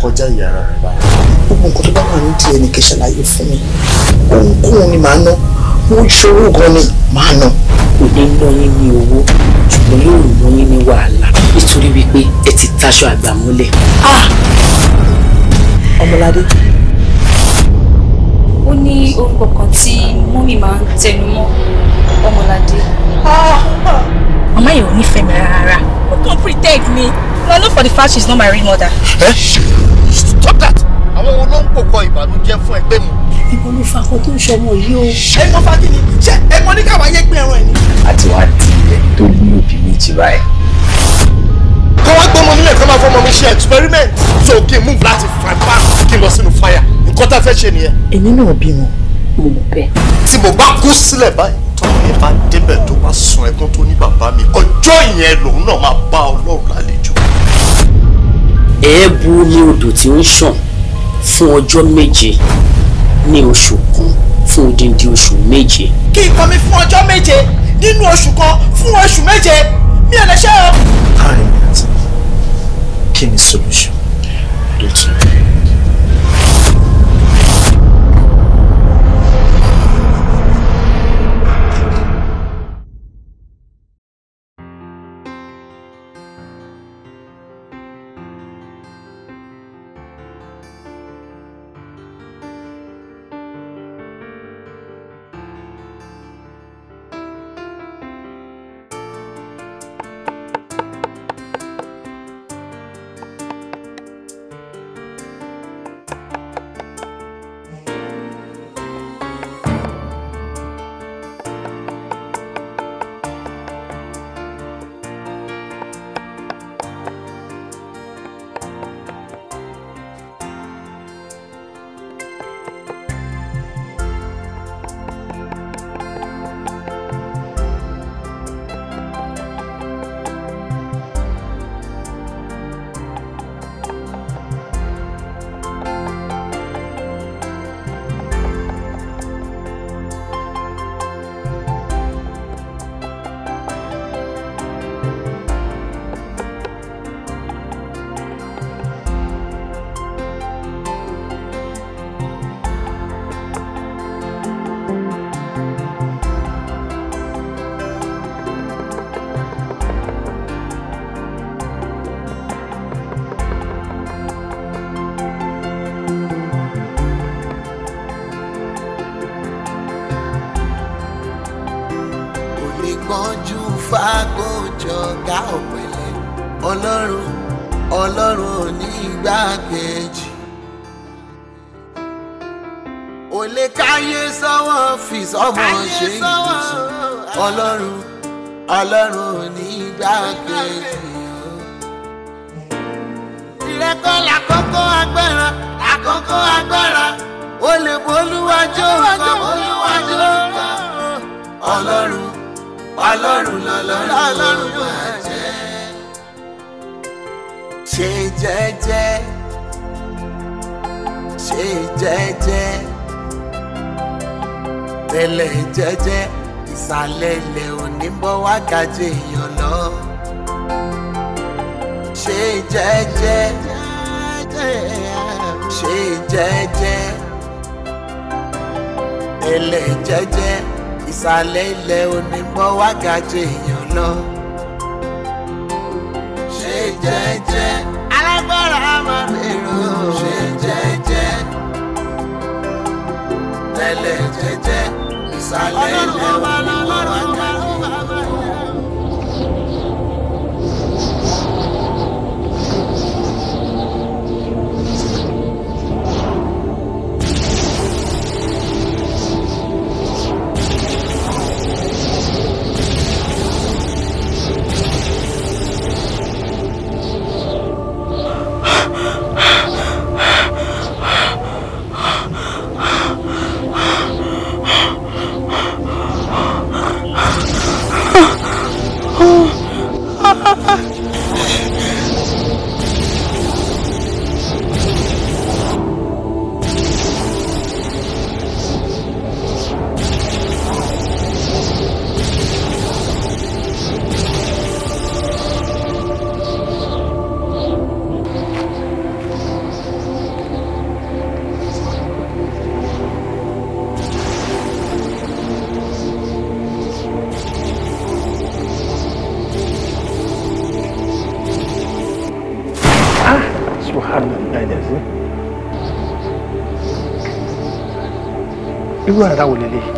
kọjá ìyára rẹ̀ báyìí. gbogbo nǹkan tó bá wà ní tiẹ̀ ní kí fún mi ohunkóhun ni màá ná mo ṣòro gan ni màá ná. kò ní ná yín ní owó ṣùgbọ́n yóò ná yín ní wàhálà nítorí wípé ẹ ti taṣọ àgbà ah! ọmọládé ó ní orúkọ kan tí mọ́mì máa ń tẹnu mọ́ ọmọládé. Ah! màmá yìí ò nífẹ̀ẹ́ mi rárá ó kàn pretend ni. Well, not for the fact she's not my real mother. Eh? Stop that! I'm wo ló ń pòkọ ìbànújẹ́ fún ẹgbẹ́ mu? Ibo ló fa ọkọ tó ń ṣọmọ yìí o. Ẹ mọ fagini, ṣé ẹ mọ ní káwa yé gbé ẹran ẹ̀ ni? A ti wá di ẹni tó ní òbí méjì báyìí. Kọ́ wá gbọ́mọ experiment. So okay, move that láti fàgbà kí n lọ sínú fire. Nǹkan tá a fẹ́ ṣe nìyẹn. Èmi náà bímọ, mo bẹ̀. Tí mo bá kú sílẹ̀ báyìí tọ́kùnrin bá débẹ̀ tó bá sun ẹkún tó ní bàbá mi ọjọ́ No, my náà máa bá ọlọ́run you èébú ni odò tí ń ṣàn fún ọjọ́ méje ní oṣù kan fún odindi oṣù méje. kí nǹkan mi fún ọjọ́ méje nínú oṣù kan fún oṣù méje mi ò lè ṣe o. kí ni solution. don't igbákejì ò lè káyé sọ́wọ́ fi sọ́mọ ṣe ìtùtù ọlọ́run ọlọ́run ní igbákejì ìrẹ́kọ́ làkọ́kọ́ agbára làkọ́kọ́ agbára ó lè bolúwájú ọ̀gá bolúwájú ọ̀gá ọlọ́run ọlọ́run lọ́lọ́run ló máa jẹ́. ṣe jẹ́jẹ́ ṣe jẹ́jẹ́ tẹ̀lẹ̀ jẹ́jẹ́ ìsàlẹ̀ ilẹ̀ òní bọ́ wá gajẹ èèyàn lọ ṣe jẹ́jẹ́ ṣe jẹ́jẹ́ tẹ̀lẹ̀ jẹ́jẹ́ ìsàlẹ̀ ilẹ̀ òní bọ́ wá gajẹ èèyàn lọ ṣe jẹ́jẹ́. ìsàlẹ̀ ilẹ̀ jẹ́jẹ́ ìsàlẹ̀ ilẹ̀ wọ́n wá jẹ́. يا راول ليه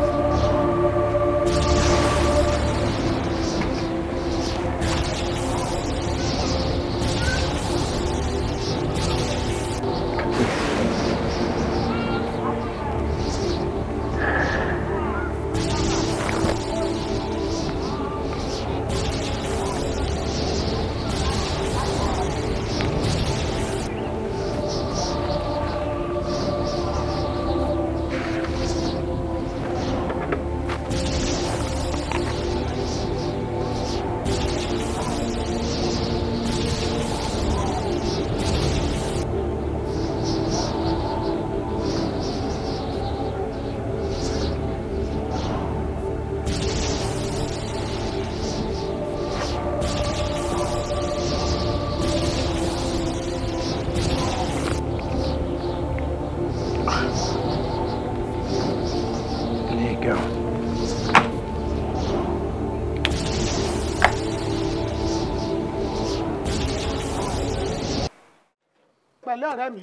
pẹ̀lú ọ̀rẹ́ mi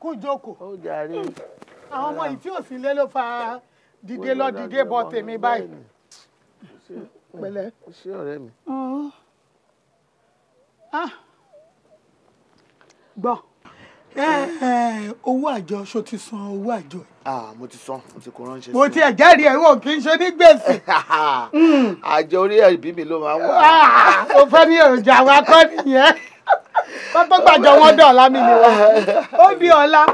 kún ìjókòó àwọn ọmọ yìí tí ò lé ló fa dìde lọ dìde bọ tèmi báyìí pẹ̀lẹ́. ṣé ọ̀rẹ́ mi. gbọ́ owó àjọ ṣo ti san owó àjọ Ah, mo ti san mo ti kó ránṣẹ́ sí. mo ti ẹ̀jẹ̀rìí ẹ̀ wò kí n ṣe ní gbèsè. àjọ orí ẹ̀bí mi ló máa ń wà. Ah, mo fẹ́ ní èròjà wa kọ́ nìyẹn kó tó gbàjọ wọn dọ̀la mi ni wa ó bí ọlá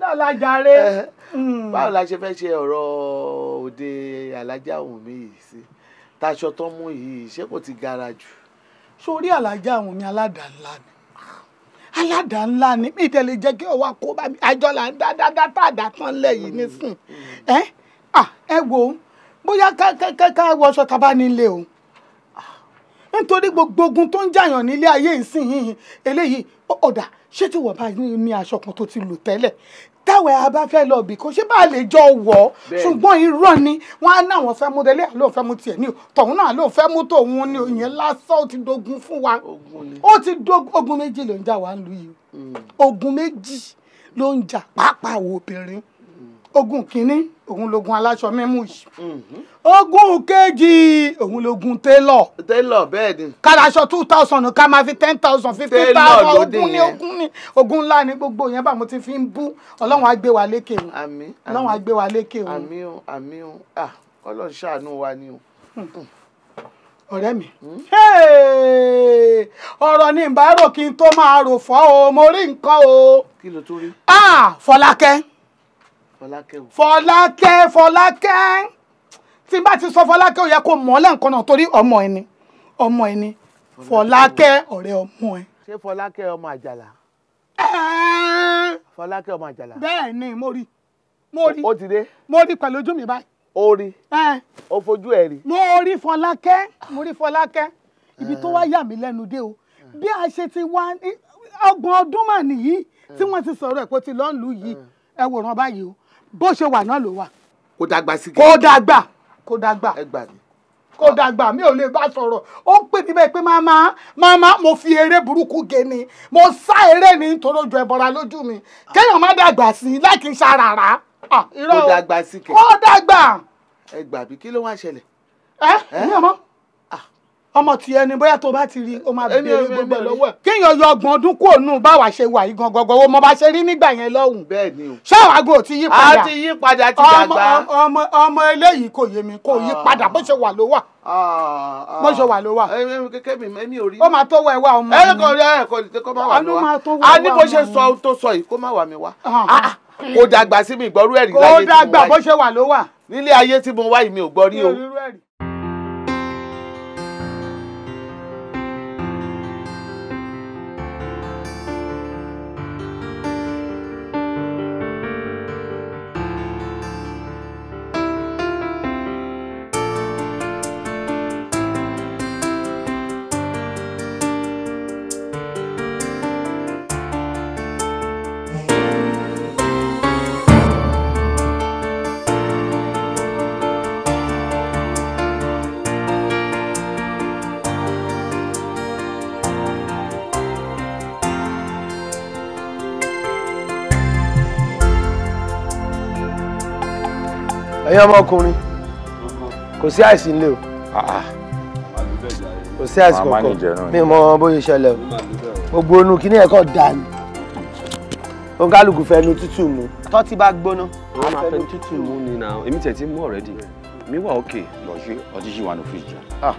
dọ̀la jàre. Eh, hmm. báwo la ṣe fẹ́ ṣe ọ̀rọ̀ òde alájà Wùnmí yìí sí taṣọ tó mú yìí ṣé kò ti gara jù. sórí alájà Wùnmí aládàá ńlá ni aládàá ńlá ni mi ìtẹ̀lẹ̀ jẹ́ kí ọwọ́ àkóbá mi àjọ là ń dáadáa tá àdá tán lẹ́yìn nísìn hmm, hmm, eh, ah, ẹ wo bóyá ká wọṣọ tábà o nítorí gbogbo ogun tó ń jàyàn nílé ayé ìsìn eléyìí ọ̀dà ṣé tí wọ́n bá ní aṣọ kan tó ti lò tẹ́lẹ̀ táwọn ẹ̀ bá fẹ́ lọ bì kó ṣe bá lè jọ wọ̀ ọ́ ṣùgbọ́n irọ́ ni wọ́n á ní àwọn fẹ́ mú délé àlọ́ fẹ́ mú tiẹ̀ ní o tọ̀hún náà ló fẹ́ mú tòun ní o ìyẹn lásán ó ti dogun fún wa ó ti dogun ogun méjì ló ń jà wá ń yìí mm. ogun méjì ló ń jà pàápàá wo mm. ogun kìíní òun lógun aláṣọ mímú yìí mhm. ogun kejì òun lógun télọ̀ télọ̀ bẹ́ẹ̀ ni kàràṣọ two thousand ká máa fi ten thousand fifteen thousand ogun ní ogun ní ogun ńlá ni gbogbo yẹn bá mo ti fi ń bú ọlọ́run á gbé wa lékè o ọlọ́run á gbé wa lékè o àmín o àmín o ah ọlọ́run ṣàánú wa ni o hmm. ọ̀rẹ́ mi hmm? ọ̀rọ̀ ni ìbárò kí n tó máa rò fọ́ o mo rí nǹkan o kí ló tó rí ah Fọlákẹ́ fọlákẹ́ fọlákẹ́ tí bá ti sọ fọlákẹ́ ò yẹ kó mọ̀ ọ́ lẹ́ǹkan náà torí ọmọ ẹni ọmọ ẹni fọlákẹ́ ọ̀rẹ́ ọmọ ẹ. ṣé fọlákẹ́ ọmọ àjàlá. fọlákẹ́ ọmọ àjàlá. bẹ́ẹ̀ ni mo rí mo rí ó ti dé mo rí pẹ̀lú ojú mi báyìí. ó rí ó fojú ẹ̀ rí. mo rí fọlákẹ́ mo rí fọlákẹ́ ibi tó wá yà mí lẹ́nu dé o bí a ṣe ti wá ọgbọ̀n ọdún mà nìyí tí wọ́n ti sọ̀rọ̀ ẹ̀ pé ó ti lọ́ọ́ lù yìí ẹ wòran báyìí o bó ṣe wà náà ló wà. kó dàgbà sí kí. kó dàgbà kó dàgbà. ẹ gbà mí. kó dàgbà mi ò lè bá sọ̀rọ̀ ó ń pè mí bẹ́ẹ̀ pé màmá màmá mo fi eré burúkú ge ni mo sá eré ní nítorí ojú lójú mi kéèyàn má dàgbà sí i láì kí n ṣàràrà. kó dàgbà sí kẹ. kó dàgbà. ẹ gbà bí kí ló wá ṣẹlẹ̀. ẹ ẹ ní ọmọ ọmọ tiẹ̀ ni bóyá tó bá ti rí o máa bèrè gbogbo rẹ̀ kéèyàn yọ ọgbọ̀n ọdún kúrò nù báwa ṣe wà yìí gangan wo mo bá ṣe rí nígbà yẹn lọ́hùn. bẹ́ẹ̀ni o ṣáwa go ti yí padà a ti yí padà ti dàgbà ọmọ ọmọ eléyìí kò yé mi kò yí padà bó ṣe wà ló wà ah, ah. bó ṣe wà ló wà. kékeré mi èmi ò rí. ó máa tó wá ẹwà ọmọ mi. ẹ kò rí ẹ kò lè kó má wà mí wá a ní bó ṣe sọ tó sọ yìí kó má wà mí wá ah, kò dàgbà sí mi ìgbọ́rú ẹ̀rí láyé tí mo wá yìí nílé ayé tí mo wá yìí mi ò gbọ́ rí o. ẹ̀yin ọmọkùnrin kò sí àìsí nílé o ah, ah. kò sí àìsí kankan mi mọ bóyá ìṣẹ̀lẹ̀ o gbogbo onú kíní ẹ̀kọ́ dà ní oníkálukú fẹ́ nu tútù mu tó ti bá gbóná. wọ́n máa fẹ́ tútù mu ni na èmi tẹ̀ ti mú ọ̀rẹ́dì mi wà òkè lọ ṣe ọtí ṣì wà ní fíjì. Ah.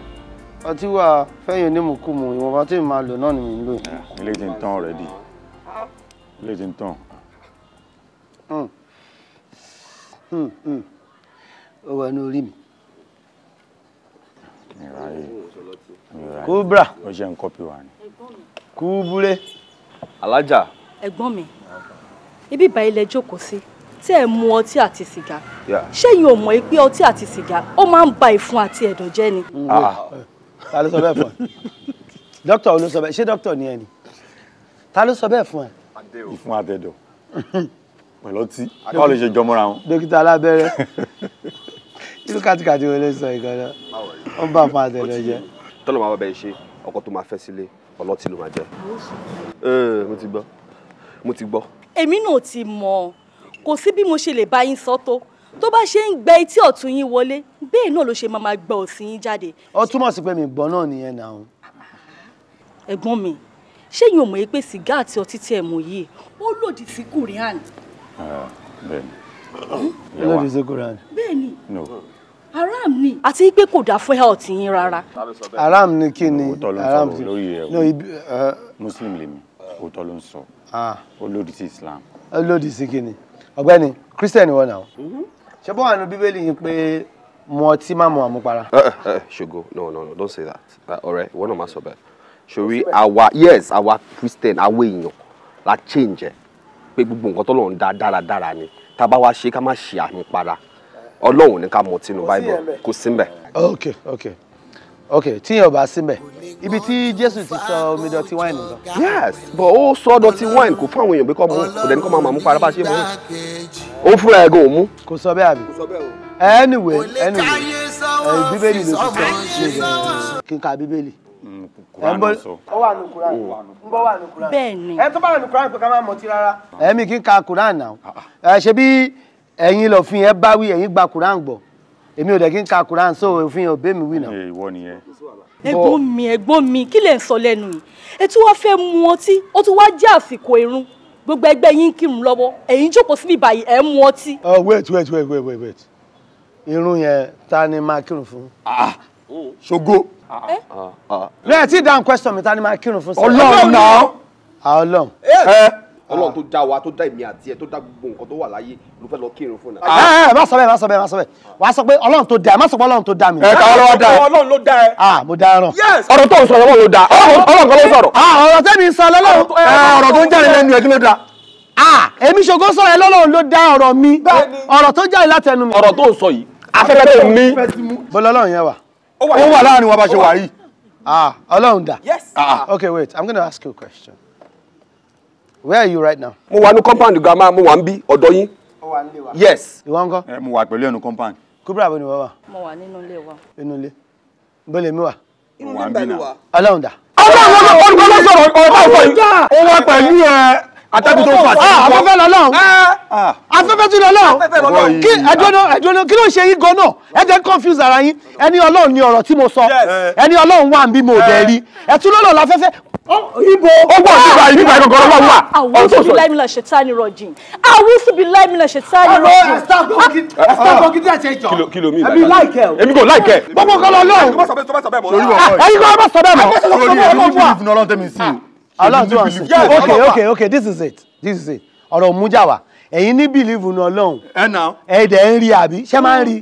ọtí wà fẹ́yìn onímùkúmu ìwọ̀nba tí mi máa lò náà ni mi ń lò. ilé ti ń tán ọ̀rẹ́dì ilé ti ń tán. Hmm, hmm, hmm, ó wà ní orí mi. kúbra ó ṣe ń kọ́pì wa ni kúbúlé alájà. ẹ̀gbọ́n mi ibi ìbá ilẹ̀ jókòó sí tí ẹ mu ọtí àti sìgá ṣé yìí ò mọ̀ pé ọtí àti sìgá ó máa ń ba ìfun àti ẹ̀dọ̀ jẹ́ ni. Ah. ta ló sọ bẹ́ẹ̀ fún ẹ dókítà ló sọ bẹ́ẹ̀ ṣé dókítà ni ẹ ni ta ló sọ bẹ́ẹ̀ fún ẹ. ìfun àtẹ̀dọ̀ pẹ̀lú ọtí báwo lè ṣe jọmọ́ra wọn. dókítà alábẹ́rẹ́ irú kàtìkàtì wo ló sọ ìkan náà ó ń bá fún àtẹ̀lẹ́ jẹ. tọ́lọ̀ máa wá bẹ́ẹ̀ ṣe ọkọ tó máa fẹ́ sílé ọlọ́tí ló máa jẹ. mo ti gbọ́ mo ti gbọ́. èmi náà ti mọ̀ kò sí bí mo ṣe lè bá yín sọ tó tó bá ṣe ń gbẹ etí ọ̀tún yín wọlé bẹ́ẹ̀ náà ló ṣe máa máa gbẹ òsì yín jáde. ó túmọ̀ sí pé mi gbọ́ náà nìyẹn náà. ẹ̀gbọ́n mi ṣé yín ò mọ̀ pé sìgá àti ọtí tí ẹ mú yìí ó lòdì sí kùrìán. Ah, bẹ́ẹ̀ni. ó no. haram ni àti pé kò dáa fún health yín rárá. haram ni kí ni haram ni no ibi. Uh, muslim lèmi òótọ́ ló ń sọ ah. ó lòdì sí islam. ó lòdì sí kí ni ọ̀gbẹ́ni christian wọn náà mm-hmm. ṣé bọ́wọ́ àánú bíbélì yìí pé mu ọtí má mu àmupara. Eh, eh, eh, ṣògo no no no don't say that ọ̀rẹ́ uh, ìwọ náà má sọ bẹ́ẹ̀ sori àwa yes àwa christian àwa èèyàn la change ẹ pé gbogbo nǹkan tó lọ da dáradára ni tá a bá wá ṣe ọlọ́run ní ká mọ tinú bible kò sí mbẹ. ok ok ok tíyẹn ò bá sí ibi tí jésù ti sọ omi dọ̀tí wáìnì lọ. yes but ó sọ dọ̀tí wáìnì kò fún àwọn èèyàn bí kò mú kò dẹni kò máa mú para bá ṣe mú ó fún ẹ gan òmu. kò sọ bẹ́ẹ̀ àbí anyway anyway eh, bíbélì ló ti sọ kí n ka bíbélì mm, kuranu sọ. ó wà ní kuranu oh. ń bọ́ wà ní kuranu. bẹ́ẹ̀ ni ẹ tó bá wà ní kuranu pé ká má mọtí rárá. ẹ̀mí kí n ka kuranu náà ah, ah. Eh, ṣe bí ẹ̀yin lòfin ẹ bá wí ẹ̀yin gba Quran gbọ́ èmi ò dẹ̀ kí n ka Quran so òfin òbí mi wí náà. ìwọ nìyẹn. ẹ̀gbọ́n mi ẹ̀gbọ́n mi kí lè ń sọ lẹ́nu yìí ẹ tún wáá fẹ́ mu ọtí ó tún wáá jẹ́ àsìkò irun gbogbo ẹgbẹ́ yín kírun lọ́wọ́ ẹ̀yin jókòó síbi báyìí ẹ̀ mu ọtí. Oh, wait wait wait wait wait wait irun yẹn ta ni máa kírun fún. Ah, ṣogo. rẹ eh? ti dáhùn question mi ta ni máa kírun fún. Ọlọ́run náà. Ah, Ọlọ́run. Eh? ọlọ́run ah. tó dá wa tó dá èmi àti ẹ tó dá gbogbo nǹkan tó wà láyé ló fẹ́ lọ kírun fún náà. ẹ ẹ má sọ bẹ́ẹ̀ má sọ bẹ́ẹ̀ má sọ bẹ́ẹ̀ wàá sọ pé ọlọ́run tó dá ẹ má sọ pé ọlọ́run tó dá mi. ẹ káwọn lọ́wọ́ dá ẹ ọlọ́run ló dá ẹ. ah mo dá ẹran. ọ̀rọ̀ tó ń sọ ọlọ́run ló dá eh, ọlọ́run kan ló sọ̀rọ̀. Eh, ah, ọ̀rọ̀ tẹ́mi sọ lọ́lọ́run eh, ọ̀rọ̀ tó ń jáde lẹ́nu ẹ̀ kí ló dá ah, èmi ṣògo sọ̀rọ̀ ẹ lọ́lọ́run ló dá ọ̀rọ̀ mi ọ̀rọ̀ tó jáde látẹnu mi. ọ̀rọ̀ tó ń sọ yìí afẹ́fẹ́ tó mi. bọ́lá ọlọ́run yẹn wà ó wà láàrin wa bá ṣe wà yìí ọlọ́run dà. ok wait i'm gonna ask you a question where are you right now. mo wà ní compound grandma mo wà ń bí ọ̀dọ̀ yín. ó wà nílé wa. yes. ìwọ ńkọ́. ẹ mo wà pẹ̀lú ẹnu compound. kúbúrà wo ni wọ́n wà. mo wà nínú ilé wa. inú ilé bọ́lẹ̀ mi wà. inú ilé bẹ́ẹ̀ alaunda, wà. ọlọ́run dà. ọlọ́run ọlọ́run ọlọ́run sọ̀rọ̀ ọ̀rọ̀ báwo sọ yìí. ó wà pẹ̀lú ẹ atẹ́gùn tó fà sí. Ah, afẹ́fẹ́ lọ lọ́hùn eh, ah. afẹ́fẹ́ tún lọ lọ́hùn kí ẹ̀dọ́nà ẹ̀dọ́nà kí ló ń ṣe yín gan-an ẹ jẹ́ confuse ara yín ẹni ọlọ́run ni ọ̀rọ̀ tí mo sọ ẹni ọlọ́run wà ń bí mo dẹ̀ eh. rí ẹ tún lọ́lọ́ láfẹ́fẹ́ ibo ó gbọ́ nígbà nígbà ìgbà ọ̀rọ̀ wà ọ̀tọ̀ sọ. àwùsùbìláìmìlà ṣètánì rọ̀jìn àwùsùbìláìmìlà ṣètánì rọ̀jìn. ẹ̀sítàkọ́gídé àti ẹ̀jọ̀ kí ló mi ìlà èmi láìkẹ́ o. èmi kò láìkẹ́. gbogbo kan lọ lọ́wọ́. ẹ̀yin kò má sọ bẹ́ẹ̀ mọ́. ẹ̀yin kò má sọ bẹ́ẹ̀ mọ́ ọlọ́run tí wọ́n sìn okay okay okay this is it this is it ọ̀rọ̀ mujawa ẹ̀yin ní bìlíìfù ní ọlọ́run ẹ̀dẹ̀ ń rí àbí ṣé máa ń rí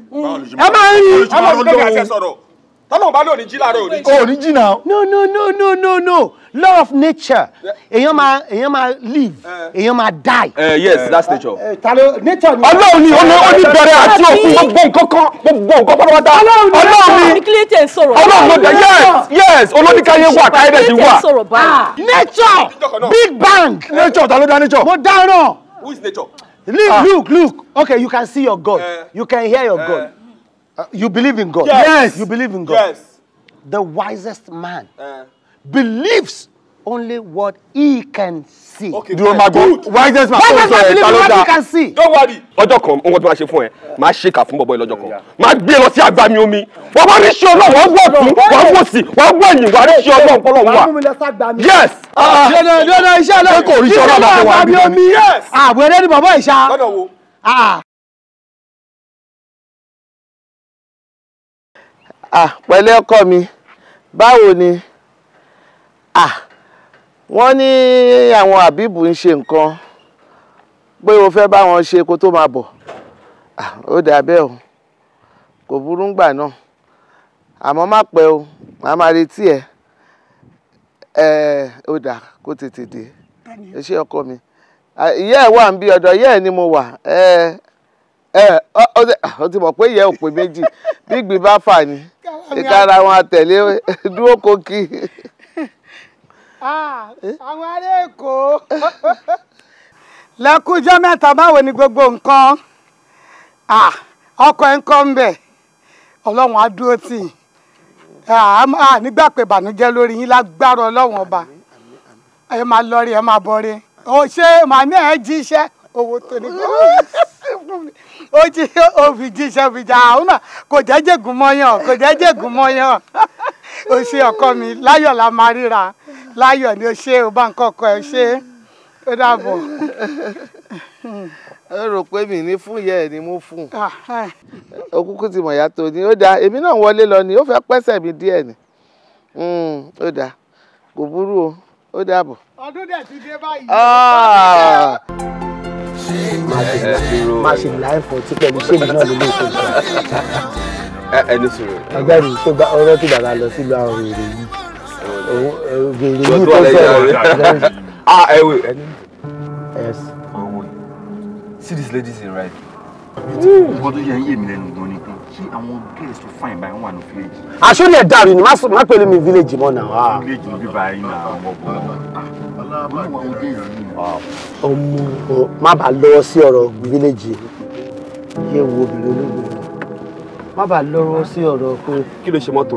ẹ máa ń rí tọ́lọ́run bá lò ní jí láàárọ̀ òní jí. òní jí náà. no no no no no no law of nature èèyàn máa èèyàn máa live eh. èèyàn máa die. Eh, yes eh, that's nature. talo nature ni. ọlọ́run ni ó ní bẹ̀rẹ̀ àti òkun gbogbo nǹkan kan gbogbo nǹkan pátápátá. ọlọ́run ni ọlọ́run ló dé yes yes olóníkàyé wà káyọ̀dé ti wà. Ah, nature big bang. nature ta ló dá nature. mo dáràn. who is nature. look ah. look look okay you can see your God you can hear your God. Uh, you believe in God? Yes. yes. You believe in God? Yes. The wisest man uh. believes only what he can see. okay dúró máa gbọ́ wisest man tó sọ what he can see. don't worry. ọjọ́ kan ohun tí màá ṣe fún ẹ màá ṣe kà fún bọ̀bọ̀ lọ́jọ́ kan màá gbé lọ sí agbami omi wọ́n wá rí sí ah, ah. ọlọ́run wọ́n wọ̀ fún wọ́n wọ̀ sí wọ́n wọ̀ ẹ̀yìn wọ́n rí sí ọlọ́run kọ́lọ́run wà. yes. yọ̀nà iṣẹ́ lẹ́yìn kò rí sí ọlọ́run àti wà á bí omi. àbúrò ah, ẹni bàbá ìṣá. ah pẹ̀lẹ́ ọkọ mi báwo ni ah wọ́n ní àwọn àbíbù ń ṣe nǹkan pé o fẹ́ bá wọn ṣe kó tó máa bọ̀ ah ó dà bẹ́ẹ̀ o kò burú ngbà náà àmọ́ má pẹ́ o màá máa retí ẹ ẹ ó dà kó tètè dé ẹ ọkọ mi ìyá ẹ wà ń bí ọ̀dọ̀ ìyá ẹ ni mo wà ẹ ẹ ọ ti mọ̀ pé ìyá ò pé méjì bí bá fà ni ìkara wọn àtẹ̀lé dúró kókì. Ah, àwọn ará èkó lẹ́kújọ́ mẹ́ta báwo ni gbogbo nǹkan ah, ọkọ̀ ẹ̀ ń kọ́ ń bẹ̀ ọlọ́run á dúró tì í ah, nígbà pé ìbànújẹ́ lórí yín lágbára ọlọ́run ọba ẹ máa lọ rí ẹ máa bọ rí ṣé màmí ẹ jíṣẹ́ owó tó ní. O mi o ti òfìjì ṣàfìjà àwọn náà kò jẹ́jẹ́ gùn mọ́yàn kò jẹ́jẹ́ mọ́yàn o ṣe ọkọ mi láyọ̀ la máa ríra láyọ̀ ni o ṣe o bá ń kọ́kọ́ ẹ ṣe ó dàbọ̀. ẹ rò pé mi ní fún ìyá ẹ ni mo fún òkúkú ti mọ̀ yàtọ̀ ni ó dáa èmi náà wọlé lọ ni ó fẹ́ pẹ́sẹ̀ mi díẹ̀ ni hmm, ó dáa kò burú o ó dàbọ̀. ọdún dẹ̀ ti dé báyìí. Ah! má ṣe láì fọ tí pẹ̀lú ṣéèmì náà ló lè tó gbà. ẹni sọ̀rọ̀. ọgbẹ́ tó gba ọ̀rọ̀ tí bàbá lọ sílùú àwọn èrè yìí èrè yìí tó sọ̀rọ̀. ah ẹ eh, wait ẹni. yes. ọ̀wọ̀ oh, see this lady say right. nǹkan hmm. tó yẹ ń yé mi lẹ́nu gan ni pé ṣé àwọn girls tó fine báyìí wọ́n wà ní village. àṣírí ẹ̀ dàrú ni má pẹ̀lú mi village mọ́ náà. village mọ́ bíbá yín náà ọmọ má bàa lọ́wọ́ sí ọ̀rọ̀ fíléèjì yẹ wo obìnrin olóògbé má bàa lọ́wọ́ sí ọ̀rọ̀ pé. kí ló ṣe mọ́tò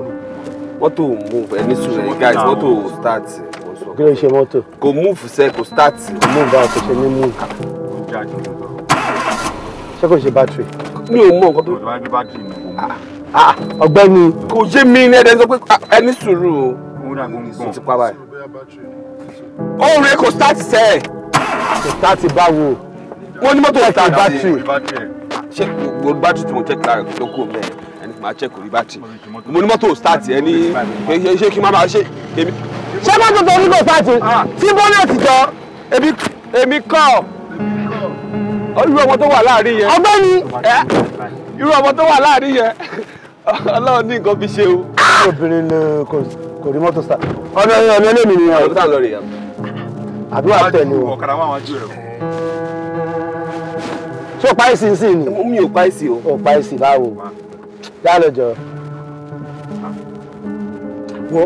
mọ́tò move ẹni sùn ẹ̀yìn guys mọ́tò start. kí ló ṣe mọ́tò. kò move sẹ́ kò start. kò move out kò ṣe ní move. ṣé kò ṣe battery. mi ò mọ nǹkan tó. Ah, ah, ọ̀gbẹ́ni. kò yé mi ní ẹ̀dẹ̀ sọ pé ah, ẹni sùúrù o múra gbọ̀ngbọ̀n. o ti pa báyìí. ohun rẹ kò start sẹ́ ẹ̀. kò start báwo. mo ní mọ́tò ọ̀tá bátìrì. ṣé gbogbo bátìrì tí mo check lára ló kú mẹ́ẹ̀ ẹni máa check orí bátìrì. mo ní mọ́tò start ẹ ní ṣé kí n má máa ṣe. ṣé mọ́tò tó ní kò start ah. tí bọ́lẹ̀tì jọ èmi kọ́ irú ọmọ tó wà láàrin yẹn. ọgbẹ́ni. irú ọmọ tó wà láàrin yẹn ọlọ́run ní nǹkan fi ṣe o. Ah! obìnrin ni kò sí kò rí mọ́tò sá ọ̀nà ẹ̀yìn ọ̀nà ẹlẹ́mì nìyẹn. ọ̀nà ìbúta lọ́ọ̀rì yẹn. àdúrà tẹ̀lé o. ọ̀kadà wọn O rẹ̀. ṣé o páìsì ń sìn ni. mi ò páìsì o. o páìsì báwo yálò jọ. wo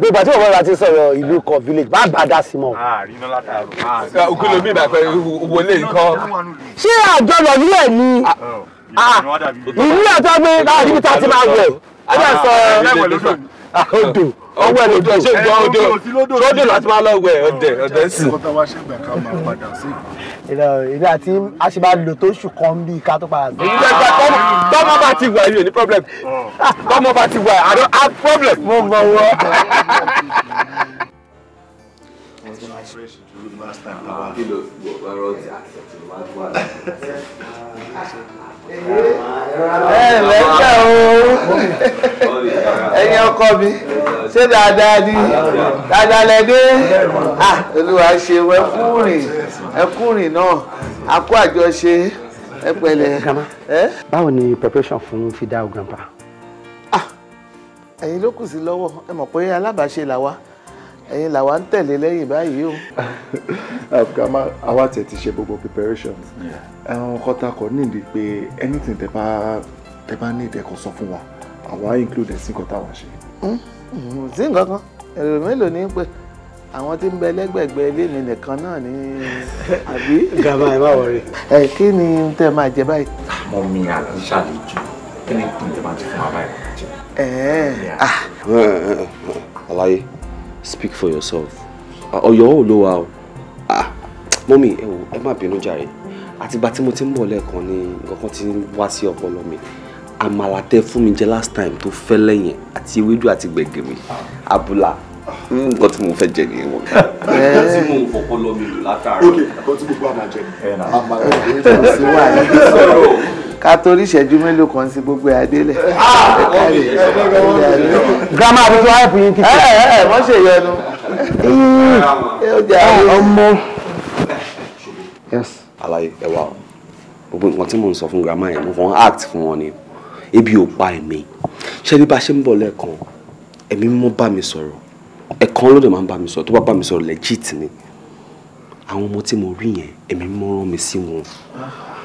bí ìgbà tí bàbá rà ti sọ̀rọ̀ ìlú kan village bá dá? sí mọ́. àrínà látàrọ. òkúlò mi ìdàpẹ́ wọlé nǹkan. ṣé àjọlọ ní ẹ̀ ni ìlú àtọ́gbé láti ibi tá a ti máa wẹ̀. ajá sọ odò ọwọ́ ẹ̀ lódò ṣé gbọ́ odò sódò láti máa lọ wẹ̀ ọ̀dẹ̀ ọ̀dẹ̀ sì. ilé àti aṣèbálò tó ṣù kan bí ká tó padà sí. ilé ẹgbẹ́ tọ́mọ bá ti wà yìí ní problem tọ́mọ bá ti wà I don't have problem. mo mọ wọ. Last time, I was ẹ lẹ́tẹ̀ o ẹ̀yin ọkọ mi ṣé dáadáa ni dáadáa lẹ́dẹ́ olúwa ṣe ẹkúrìn ẹkúrìn náà a kó àjọṣe ẹ pẹ̀lẹ́. báwo ni preparation fún fidao grandpa. ẹ̀yin ló kù sí lọ́wọ́ ẹ mọ̀ pé alábàáṣe làwa ẹ̀yin làwa ń tẹ̀lé lẹ́yìn báyìí o. àwa tẹ̀ ti ṣe gbogbo preparations ẹ̀hún kọ́tàkọ́ nídi pé anything tẹ bá tẹ bá ní ìdẹ́kọ̀ sọ fún wa àwa include ẹ̀sìn kan táwọn ṣe. Hmm? Hmm, sí nǹkan kan èrò mélòó ní pé àwọn tí ń bẹ lẹ́gbẹ̀gbẹ́ ilé mi nìkan náà ni àbí. gàmà ẹ má wọrí. ẹ kí ni tẹ máa jẹ báyìí. àmọ́ mi àti ṣàlejò kí ni tẹ máa ti fún wa báyìí. ẹ ẹ ah. àlàyé speak for yourself ah, ọyọ ò all wa o ah mommy, ẹ wò ẹ má bínú jàre àtìgbà tí mo ti ń bọ̀ lẹ́ẹ̀kan ni nǹkan kan ti ń wá sí ọpọlọ mi mi jẹ last time to fẹ́ lẹ́yìn àti ati àti gbẹ̀gìrì abúlà hmm, nǹkan tí mo fẹ́ jẹ nìyẹn wọn. nǹkan tí mo ń eh. fọpọlọ mi lò látàrí. ok nǹkan tí gbogbo àmàjẹ àmàlà ìwé ìtàn sí ká torí ìṣẹ́jú mélòó kan sí gbogbo àdélẹ̀. Ah, grandma àdúgbò àìpù yín kìkì. ẹ ẹ mọ ṣe yẹnu. Eh, eh, ọmọ. alaye ẹ wá gbogbo nǹkan tí mò ń sọ fún grandma yẹn mo kàn act fún wọn ni ebi ò pa ẹ̀mí ṣé ní bá ṣe ń bọ̀ lẹ́ẹ̀kan ẹ̀mí mímọ́ bá mi sọ̀rọ̀ ẹ̀kan ló dẹ̀ máa ń bá mi sọ̀rọ̀ tó bá bá mi sọ̀rọ̀ legit ni àwọn ọmọ tí mo rí yẹn ẹ̀mí mímọ́ rán mi sí wọn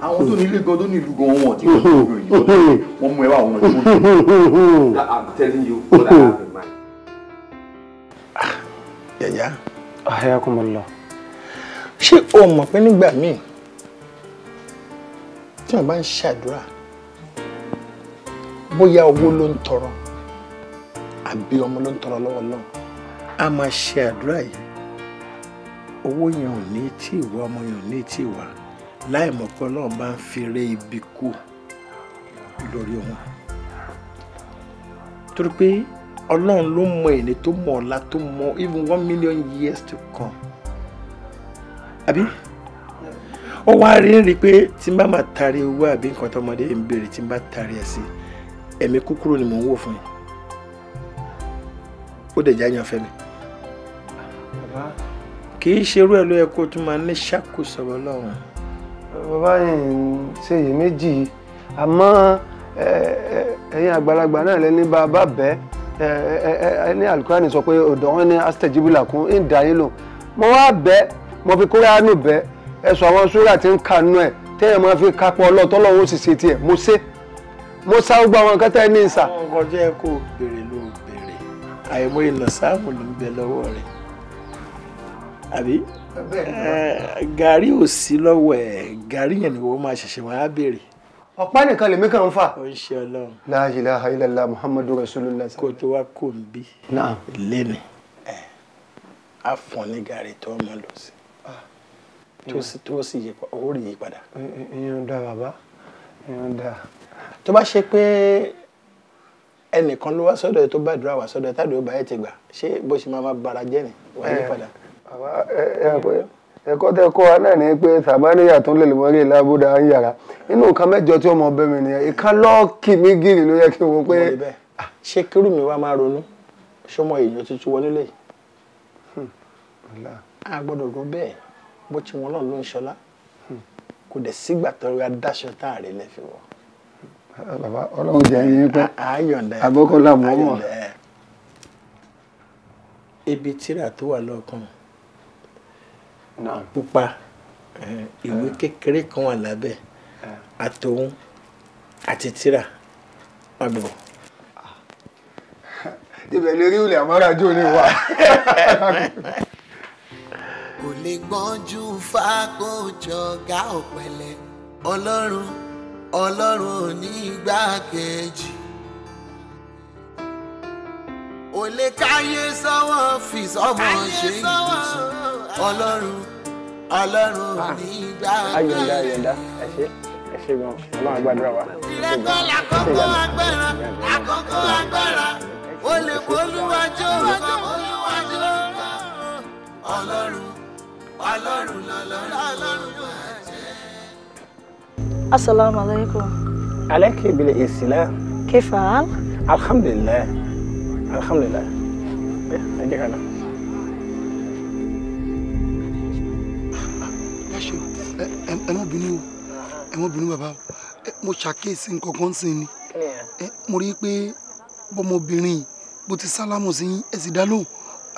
àwọn tó nílé gan tó ní ìlú gan wọn tí wọn kò lóyún ìbọn wọn mú ẹ wá àwọn ọmọ ìbọn. I'm telling you what ah, ah, ṣé o mọ̀ pé nígbà míì tí wọn bá ń ṣàdúrà bóyá owó ló ń tọrọ àbí ọmọ ló ń tọrọ lọ́wọ́ náà a máa ṣe àdúrà yìí owó yẹn ò ní tí ìwà ọmọ yẹn ò ní tí ìwà láìmọ̀kan náà máa ń fèrè ibi kù lórí wọn torí pé ọlọ́run ló mọ èlé tó mọ ọ̀la tó mọ even one million years to come àbí ó wá rí rí pé tí n bá máa taari owó àbí nǹkan tọmọdé ń béèrè tí n bá taari ẹ̀ sí ẹ̀mí kúkúrú ni mò ń wò fún yìí ó dẹ̀ jáyàn fẹ́ mi kì í ṣerú ẹ̀ ló yẹ kó tún máa ní ṣàkóso ọlọ́run bàbá yìí ń ṣèyèméjì àmọ́ ẹ̀yin àgbàlagbà náà lẹ́ni bá a bá bẹ́ẹ̀ ẹni alukurani sọ pé ọ̀dọ̀ wọn ní astejibula kún ń dà yín lò mo wá bẹ́ mo fi kúránù bẹ́ ẹ sọ àwọn sóra tí ń kànú ẹ téèyàn máa fi kápọ̀ ọlọ́tọ́ lọ́wọ́ sì ṣe tiẹ̀ mo ṣe mo sá gbogbo àwọn nǹkan ní ìsà. àwọn nǹkan jẹ́ kó o béèrè ló o béèrè àìmọye lọ sáàmù ló ń bẹ lọ́wọ́ rẹ̀ àbí Gari ò sí lọ́wọ́ ẹ̀ gàrí yẹn ni wọ́n máa ṣẹ̀ṣẹ̀ wá béèrè. ọ̀pá nìkan lèmi kàn ń fà. ó ń ṣe ọlọ́run. la ilaha illallah muhammadu rasulullah. kó tó wá kò ń bí. náà lẹ́nu ẹ̀ á fún ní gàrí tó ọmọ lọ sí ah. tó sì yí owó rí yí padà. ìyọ̀n da bàbá ìyọ̀n da. tó bá ṣe pé ẹnìkan ló wá sọ́dọ̀ tó bá dúró àwà sọ́dọ̀ tádùú bá ẹ̀ ti gbà ṣé bó ṣe máa bára jẹ́ ni wà ní padà ẹ̀kọ́ tẹ́ kọ́ wa náà ní pé sàbáníyà tó lè mọ́rí lábúdá ń yàrá inú nǹkan mẹ́jọ tí ọmọ ọbẹ̀ mi nìyẹn ìkan lọ́ọ̀kì mi gírì ló yẹ kí n wo pé. ṣé kírù mi wá máa ronú ṣọmọ èèyàn tuntun wọlé lè. a gbọ́dọ̀ rún bẹ́ẹ̀ bó ti wọn náà ló ń ṣọlá kò dẹ̀ sígbà tó rí adáṣọ tá a rí lẹ́fẹ̀ẹ́ wọ. bàbá ọlọ́run jẹ́ yín pé àbókò làwọn mọ̀. ibi tíra tó wà lọ́kàn mi pupa eh, ìwé eh. kékeré kan wà lábẹ́ eh. àtòun àti tíra ọ̀dọ̀. ibẹ̀ lè rí olè àmọ́rajú ni wà. kò lè gbọ́n fákòjọ ga ọ̀pẹ̀lẹ̀ ọlọ́run ọlọ́run ní igbákejì ó lè káyé sọ́wọ́ fi sọ́mọ ṣe ìtùtù ọlọ́run ọlọ́run ní ìgbà. ayọ̀ǹda ayọ̀ǹda ẹ ṣe ẹ ṣe gan ọlọ́run agbádùra wa. ìrẹ́kọ̀ làkọ́kọ́ agbára làkọ́kọ́ agbára o lè bolúwájọ́ bolúwájọ́ ọlọ́run ọlọ́run lọ́lọ́run yóò jẹ́. asalaamu alaykum. aleke bile esila. kefaal. alhamdulilayi alhamdulilayi. ẹ jẹ́ ká náà. ẹ mọ bínú o ẹ mọ bínú bàbá mo ṣàkíyèsí nǹkan kan sí ni mo rí i pé bọ́mọbìnrin bó ti sálámù sí ẹ sì dá lóhùn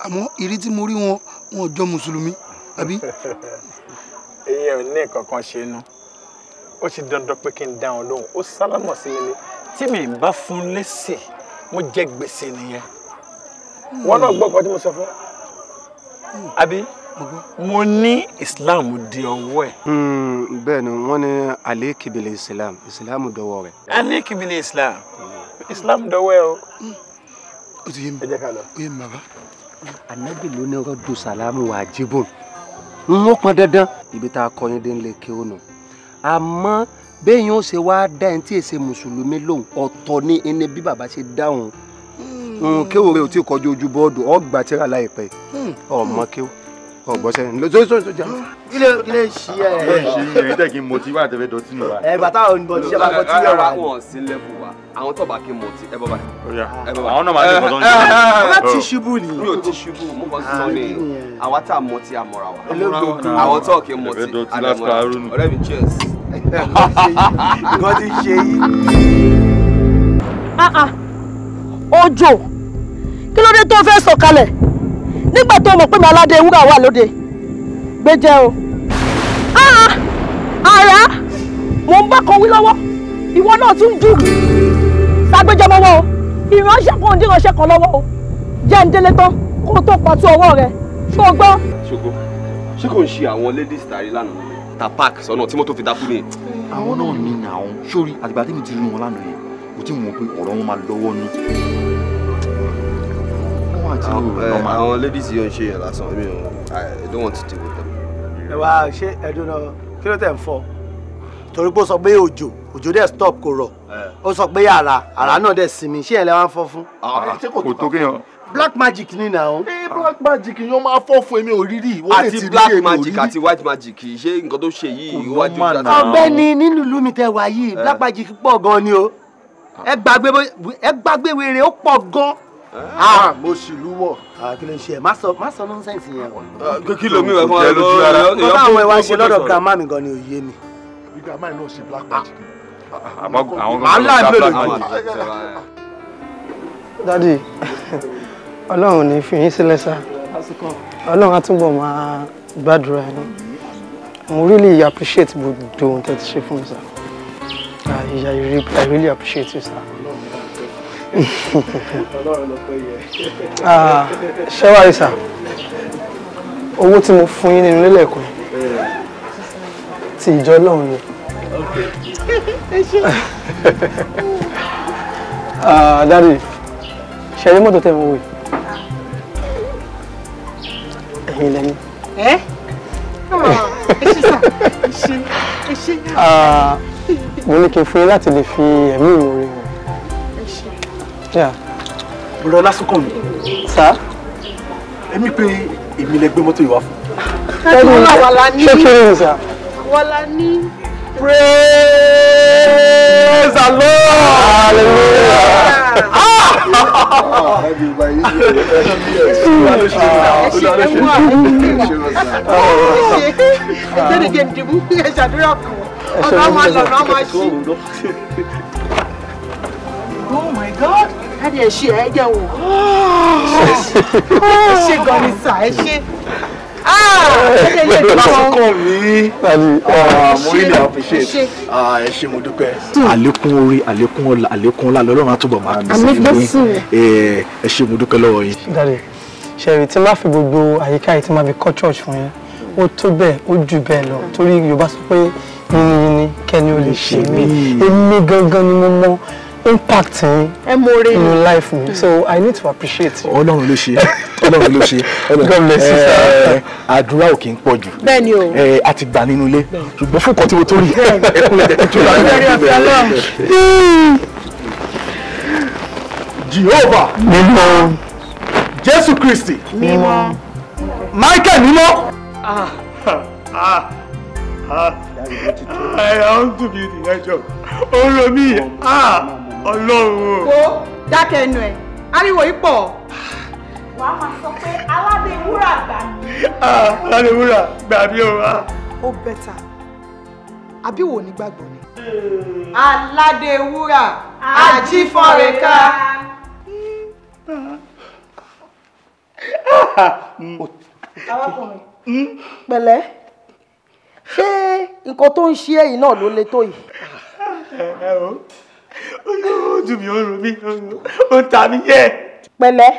àmọ́ ìrí mo rí wọn wọn jọ mùsùlùmí àbí. ìyẹn ò ní nǹkan kan ṣe nu ó ti dandan pé kí n dá wọn lóhùn ó sálámù sí mi tí mi bá fún lẹ́sẹ̀ mo jẹ gbèsè nìyẹn wọn náà gbọ́ nǹkan tí mo sọ fún hmm. àbí. Mm mo ní islam di ọwọ́ ẹ̀. Hmm, bẹ́ẹ̀ ni wọ́n ní alekibile islam islam dọwọ́ rẹ̀. alekibile islam islam dọwọ́ ẹ o. o ti yé mi o yé mi bàbá. anabi ló ní rọ́dù sàlámù wà jíbùn n ó pọn dandan ibi tá a kọyin dé nílé kí ó nù àmọ́ bẹ́ẹ̀yìn ó ṣe wáá dá ẹni tí èsè mùsùlùmí lòun ọ̀tọ̀ ní ẹni bí bàbá ṣe dáhùn hmm. kéwòrè ò tí ì kọjú ojú bọ́ọ̀dù ọgbà tíra láìpẹ́ hmm. ọmọ kéwò ọgbọnsẹ ní lóṣooṣù tó tó jẹ. ilé ilé ṣí ẹ. ilé ṣí ẹ tẹ kí n mọtí wá àtẹfẹ dọtí nù wa. ẹ bàtà òun bọ tíṣẹ bá bọ tí yẹ wà. wọn sí lẹ́bù wa àwọn tó bá kí n mọtí ẹ bọ́ bá. àwọn náà máa ti mọ̀tọ́ ní. ọlá ti ṣubú ni. mi ò ti ṣubú mo kàn sọ ni àwa tá a mọtí a mọ̀ra wa. àwọn tó kí n mọtí a lè mọ̀ra ọ̀rẹ́ mi cheers. nǹkan ti ṣe yìí. Ah, ah. ojo kí ló dé tó fẹ́ sọ̀kalẹ̀ nígbà tó mọ̀ pé mi aládé ewúrà wà lóde gbé jẹ́ o ara ah, mò ń bá kan wí lọ́wọ́ ìwọ náà tún jù ságbéjọmọwọ́ o ìránṣẹ́ kan òdìránṣẹ́ kan lọ́wọ́ o jẹ́ ń délé tán kó tó pàtó ọwọ́ rẹ ṣó o gbọ́. ṣogo ṣé kò ń ṣe àwọn ladies tàrí lánàá ta park sọnà tí mọ́tò fi dákú ni. àwọn náà ní àwọn sórí àtìgbà tí mi ti rí wọn lánàá yẹn mo ti mọ̀ pé ọ̀rọ̀ wọn máa lọ́wọ́ nù. Eh, àwọn ladies yóò ṣe yẹn lásán mi ò i don't want to deal with them. ẹ eh, wá ṣé ẹdun náà kí ló tẹ̀ ń fọ torí pé ó sọ pé òjò òjò dẹ̀ stop kò rọ̀ eh. ó sọ pé àrà àrà náà dẹ̀ sinmi ṣé ẹ̀ lẹ́ wá ń fún. Ah, kò tó kéèyàn. black magic ni nà ó. ee black magic yóò máa fọ́ fún èmi òrìrì wọ́n lè ti rí èmi òrìrì. àti black magic àti white magic ṣé nǹkan tó ṣe yìí iwájú ìdáná. ọ̀gbẹ́ni nílùú lumi tẹ wá yìí black magic pọ̀ gan ni o ẹ gbàgbé wèrè ó pọ̀ gan. Ah. ah mo sì lúwọ̀ ah, kí ló ń ṣe ẹ má sọ má sọ o. Ah, kí mi wẹ̀ fún ẹ lójú ara. wọ́n táwọn ẹ̀wá ṣe lọ́dọ̀ grandma mi gan ni òye mi. bí grandma yìí náà black magic. àmọ́ àwọn kan ló ń black magic. dadi ọlọ́run ní fi yín sílẹ̀ sá ọlọ́run á túbọ̀ máa gbàdúrà yín mo really appreciate gbogbo ohun tẹ́ for me, sir. mi sá I really appreciate you sir ọlọ́run ah, ló pé yẹ. ṣẹ́wàrí sà owó tí mo fún yín nínú lélẹ̀kùn ti ìjọ ọlọ́run ni. Ah, dáàdi ṣẹ̀rí mọ́tò tẹ̀ wọ́n wò yìí ẹ̀yin lẹ́nu. Eh? ẹ ṣe ah, mo ní kí n fún yín láti lè fi ẹ̀mí ìmoore hàn. Bùrọ̀ Lásùnkàn mi. Sá. Èmi pé èmi lẹ gbé mọ́tò yìí wá fún. Ẹnu ṣé kí ni sá? Wọ́lá ní. Praise the Lord! Hallelujah! Ah! oh my god ẹ dẹ̀ ṣe ẹ jẹ́ wò ah. ẹ ṣe gan ni sà ẹ ṣe ah. ah, hmm. àlékún orí àlékún ọlá àlékún ọlá lọ́lọ́run àtúbọ̀ máa kí sí ìwé eh, ẹ ṣé mo dúpẹ́ lọ́wọ́ yín. dàdé ṣẹ̀rì tí má fi gbogbo àyíká yìí tí má fi kọ́ church fún yín ó tó bẹ́ẹ̀ ó jù bẹ́ẹ̀ lọ torí Yorùbá sọ pé yìnyín ni kẹ́ni ó lè ṣe mí hmm. èmi gangan ni mo mọ impact in, in your life me. So I need to appreciate you. Ọlọ́run ló ṣe. Ọlọ́run ló ṣe. God bless you sir. Eh, àdúrà ò kì í pọ̀ jù. Bẹ́ẹ̀ni o. Ẹ eh, a ti gbà nínú ilé. Ṣùgbọ́n fún nǹkan tí mo tó rí. Ẹkúnlẹ̀ jẹ́ kíjú láti rẹ̀ bẹ̀rẹ̀. Jehovah. Mímọ́. Jésù Kristì. Mímọ́. Michael mímọ́. Ah ah ah. I want to be the angel. Oromi ah. Ọlọ́run. Wo dákẹ́ ẹnu ẹ̀, ariwo yìí pọ̀. Wà á máa sọ pé aládé wúrà gbà mí. Ah, aládé wúrà gbà mí o. Ah. Ó bẹ́tà, àbí wò ní gbàgbọ́ ni? Hmm. Aládé wúrà, àjífọ́rẹ́ká. Ah. Arákùnrin, hmm. pẹ̀lẹ́ ṣé nǹkan tó ń ṣe ẹ̀yìn náà ló le tó yìí. Eh, eh, oh ojú mi ó ń ro mí ó ń ta mí yẹ. pẹ̀lẹ́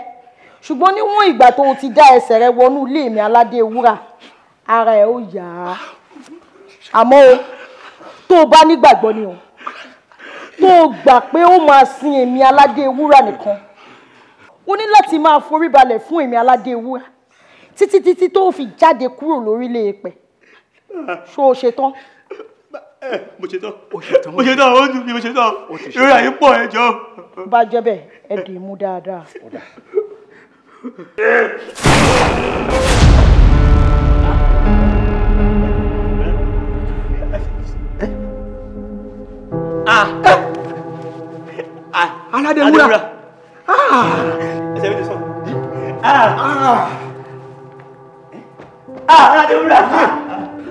ṣùgbọ́n níwọ̀n ìgbà tó o ti dá ẹsẹ̀ rẹ wọnú ilé mi aládé wúrà ara ẹ ó yá àmọ́ o tó o bá nígbàgbọ́ ni o tó o gbà pé ó máa sin èmi aládé wúrà nìkan o ní láti máa forí balẹ̀ fún èmi aládé wúrà títí títí tó o fi jáde kúrò lórílẹ̀ èpẹ̀ ṣó o ṣe tán mo ṣe tán mo ṣe tán ó dùn mí mo ṣe tán ìrora yìí pọ̀ ẹ jọ. bá a jẹ́ bẹ́ẹ̀ ẹ dì í mú dáadáa. Adémúra. Ẹsẹ̀ mi ti sọ. Adémúra. Ah. Ah. Ah,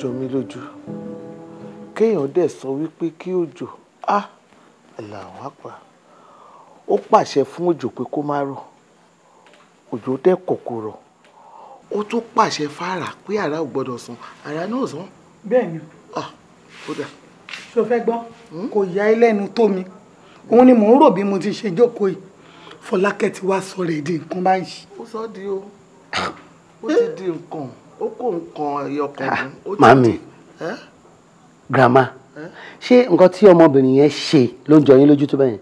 jọ mí lójú kéèyàn dẹ̀ sọ wípé kí òjò á làwọn àpà ó pàṣẹ fún òjò pé kó má rọ̀ òjò dẹ̀ kòkòrò ó tún pàṣẹ fáàrà pé àrà ò gbọ́dọ̀ sàn àrà náà sàn. bẹ́ẹ̀ni ó dà. ṣo fẹ́ gbọ́ hmm? kò yá ẹ lẹ́nu tó mi òun ni mò ń rò bí mo ti ṣe jókòó yìí Fọlákẹ́ ti wá sọ rẹ̀ di nǹkan báyìí. ó sọ di o ó ti eh? di nǹkan ó kó nǹkan ẹyọkan ah, ó ti mami grandma ṣé nǹkan tí ọmọbìnrin yẹn ṣe ló ń jọ yín lójú tó bẹ́yẹn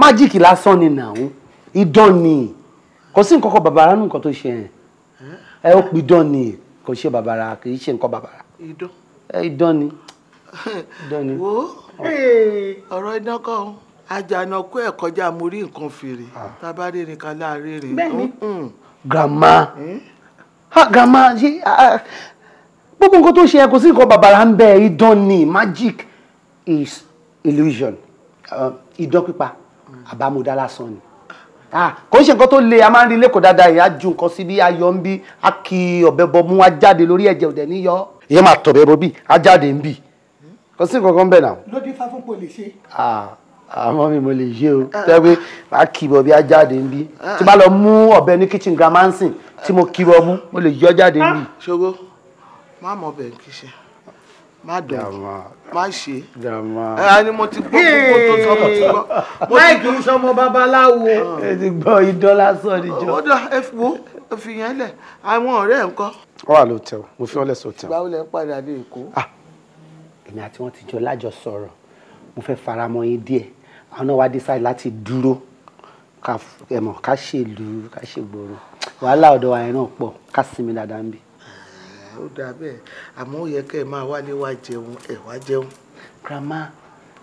májíìkì lásán ni nàún idán ni kò sí nǹkan kan bàbàrà nù nǹkan tó ṣe yẹn ẹ ó pidán ni kò ṣe bàbàrà kì í ṣe nǹkan bàbàrà idán ni idán ni. wo ọ̀rọ̀ idán kọ́ ọ́n àjànàkú ẹ̀ kọjá mo rí nǹkan fèrè ah. tá a bá rí nǹkan láàárín rẹ̀. bẹ́ẹ̀ni grandma. Mm? ha grandma ṣe gbogbo nǹkan tó ṣe ẹ kò sí nǹkan bàbàrà ń bẹ idán ni magic is illusion uh, idán pípa àbámúdá lásán ni kò ń ṣe nǹkan tó le a máa ń rí lẹ́kọ̀ọ́ dáadáa ìyá ju nǹkan síbi ayọ̀ ń bí a kì í ọ̀bẹ bọ mú wa jáde lórí ẹ̀jẹ̀ òdẹ̀ níyọ ìyẹn máa tọ̀bẹ bọ bí a jáde ń bì kò sí nǹkan kan bẹ̀ náà. lójú ifá fún pòlìṣe. àmọ́ mi mo lè ṣe o tẹ́wé a kì í bọ̀ bí a jáde ń bì tí bá lọ mú ọ̀bẹ ní kitchen grandma ń tí mo kiri ọmú mo lè yọ jáde ah! ní. ṣogo má mọ bẹ̀ kí ṣe má dọ̀jú má ṣe ẹ ni mo ti gbọ́ gbogbo tó sọ mo ti gbọ́. láì kì í sọmọ babaláwo. Ah. ẹ ti gbọ́ idán lásán níjọ. ó dà ẹ wo fi yẹn lẹ̀ àwọn ọ̀rẹ́ ẹ̀ ń kọ́. ó wà lóòótọ́ mo fi wọn lẹ̀ sọ́tẹ̀. ìgbà wo lẹ ń padà dé èkó. Ah! èmi àti wọn ti jọ lájọ sọ̀rọ̀ mo fẹ́ faramọ́ yín díẹ̀ àwọn náà wá decide láti dúró ká ẹmọ ká ṣèlú ká ṣègbòrò wàhálà ọ̀dọ̀ wa ẹran pọ̀ ká sinmi dáadáa ń bì. ó dáa bẹ́ẹ̀ àmọ́ ó yẹ kẹ́ ẹ máa wálé wá jẹun ẹ̀ wá jẹun. grandma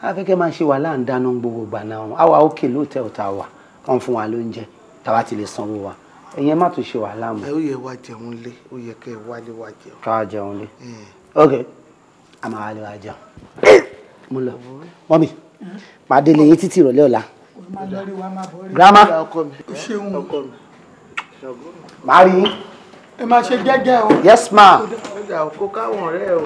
afẹ́kẹ́ máa ṣe wàhálà ń dáná gbogbo ìgbà náà àwa òkè lóòótẹ́ ọ̀tá wa wọ́n fún wa lóúnjẹ tàwa ti lè sanwó wa ẹ̀yẹn má tún ṣe wàhálà mọ́. ẹ ó yẹ wá jẹun lé ó yẹ kẹ́ ẹ wálé wá jẹun. ká jẹun lé ok a máa wálé wá jẹun mo lọ mọ́mì màá délé yín títí ìrọ̀lẹ́ ọ̀la grandma màá rí yín. ẹ máa o. yes ma. ọjà òkú káwọn ọ̀rẹ́ o.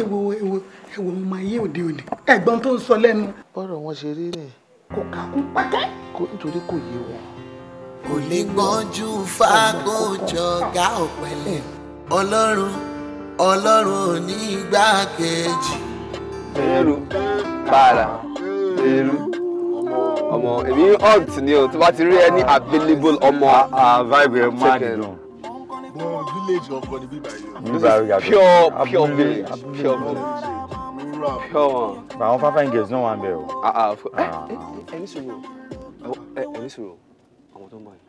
èwo ah, èwo èwo mo máa yé òde òde ẹ̀gbọ́n tó ń sọ lẹ́nu. bọ́rọ̀ wọn ṣe rí nìyí. kò kàkún pátá. nítorí kò yé wọn. kò lè gbọ́njú fágòjọ ga ọ̀pẹ̀lẹ̀ ọlọ́run ọlọ́run ò ní igbákejì. ẹrù bàrà ẹrù ọmọ èmi hunt ni o tí wọ́n ti rí ẹni available ọmọ. vibe ẹ máa dùn. village ọkọ ni bíbá yìí. bíbá pure pure village pure village. pure one. àwọn fáfáyín gẹ̀ẹ́sì náà wà ń bẹ̀ o. ẹni sòrò ẹni sòrò àwọn tó ń bọ̀ yìí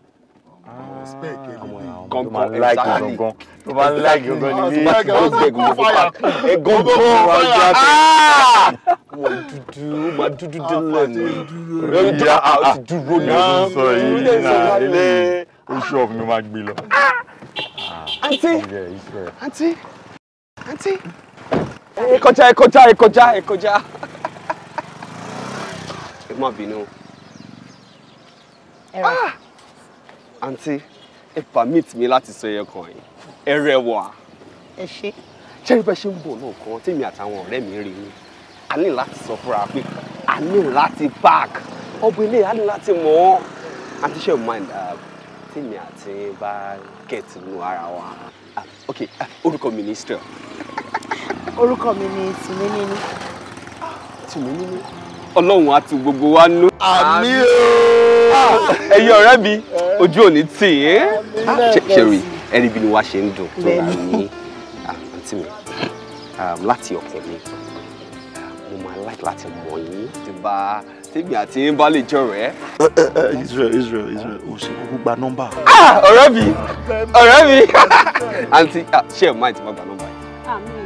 respect ẹlẹ́dẹ̀ ah, gangan exactly tó bá ń láìkì gangan ní ilé tó gbẹ gbogbo fàyà ẹ gangan wà á jẹ àtẹ wọ́n dúdú wọ́n dúdú délẹ̀ ní lórí tó a ah, ó ti dúró ní ọdún sọ yìí nà ilé oṣù ọ̀fun mi máa gbé lọ. àǹtí àǹtí àǹtí ẹ kọjá ẹ kọjá ẹ kọjá ẹ kọjá ẹ má bínú. ẹ̀rọ àǹtí ẹ permit mi láti sọ ẹyẹ kan yìí ẹ rẹwà. ẹ ṣe. ṣẹ́rí bẹ́ẹ̀ ṣe ń bọ̀ náà kan tèmi àtàwọn ọ̀rẹ́ mi rí ni a ní láti sọ fúnra pé a ní láti park ọbẹ̀ ilé a ní láti mọ̀ ọ́ àǹtí ṣe mind uh, tèmi àti bá get nù ara wa ah, ok ah, orúkọ mi ni Estelle. orúkọ mi ni tùmí nínú. Ah, tùmí nínú ọlọ́run á ti gbogbo wa nú. àmín o. Ah, ẹ̀yin ọ̀rẹ́ mi ojú òní tì í ah, ṣeré ẹni bí ni wàá ṣe ń dùn tó rà ní ah, àǹtí mi um, láti ọkàn mi mo máa láì láti mọ̀ yín ti bá tèmi àti yín bá lè jọ̀rẹ́. Eh, eh, eh, Israel Israel Israel o ṣe kúkú gba nọ́mbà. ọ̀rẹ́ mi ọ̀rẹ́ mi àǹtí ṣé ẹ̀ máa ti máa gba nọ́mbà yìí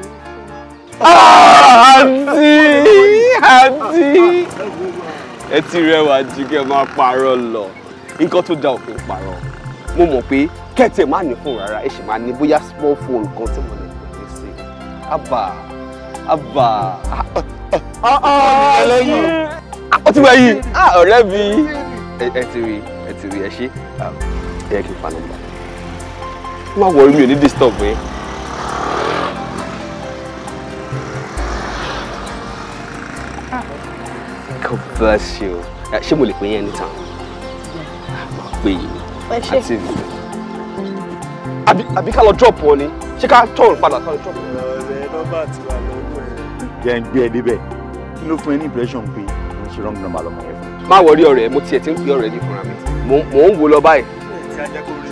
àǹtí ah, àǹtí ẹ ti rẹwà jù kẹ́ máa parọ́ lọ nǹkan tó da òfin parọ́ mo mọ̀ pé kẹ́tì ẹ̀ má ní fún rárá ẹ sì máa ní bóyá small phone kan tí mo lè pè é sí abà abà ah, ah, ẹlẹ́yìn ó ti wẹ̀ yìí ọ̀rẹ́ mi ẹ ti rí ẹ ti rí ẹ ṣe ẹ kì í fa nọ́mbà wọn wọ orí mi ní disturb yẹn. God bless you. Eh, ṣé mo lè pè yín anytime? Mo pè yín. Àti mi. Àbí ká lọ drop wọn ni? Ṣé ká tọ̀rùn padà ká lọ drop wọn? Ọ̀rẹ́ nọ́mbà ti wà lọ́wọ́ ẹ̀. Jẹ́ ń gbé ẹ débẹ̀. Kí ló fún ẹ ní impression pé mo ṣe wrong number lọ́mọ yẹn fún? Má wọrí ọ̀rẹ́, mo tiẹ̀ ti ń pè ọ̀rẹ́ mi fúnra mi. Mò ń wo lọ báyìí. Ṣé ajá kò rí?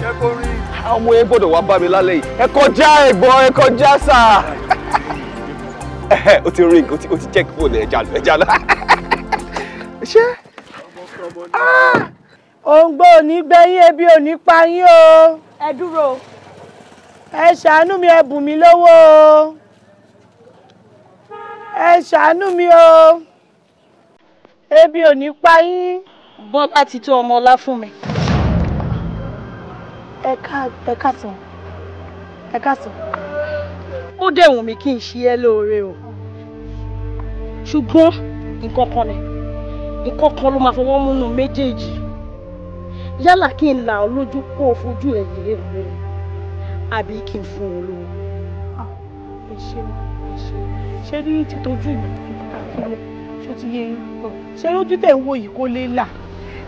Ṣé kò rí? Ọmọ yẹn gbọ́dọ̀ wá bá mi lálẹ́ yìí. Ẹ kọjá ẹ̀gbọ́n, ẹ kọjá sáà. o ti ring o ti o ti check phone ẹ̀ jalọ ẹ̀ jalọ. ṣé ah! òǹgbò ò ní gbẹ́yìn ebi ò ní pa yín o. ẹ dúró. ẹ ṣàánú mi ẹ bùn mí lówó o. ẹ ṣàánú mi o. ebi ò pa yín. bọ́lá ti tó ọmọ ọlá fún mi. ẹ ká ẹ ká sàn ẹ ká sàn. ó dẹ̀ wù mí kí n ṣe ẹ́ lóore o ṣùgbọ́n nǹkan kan ni nǹkan kan ló máa fọwọ́ múnú méjèèjì yálà kí n là ọ lójú kó o fojú ẹ yìí rẹ àbí kí n fún ọ lówó. Ah, ẹ ṣe ẹ ṣe ṣé ní títojú ìgbàlódé ṣó ti yé ṣé lójú tẹ̀ ń wò yìí kó lè là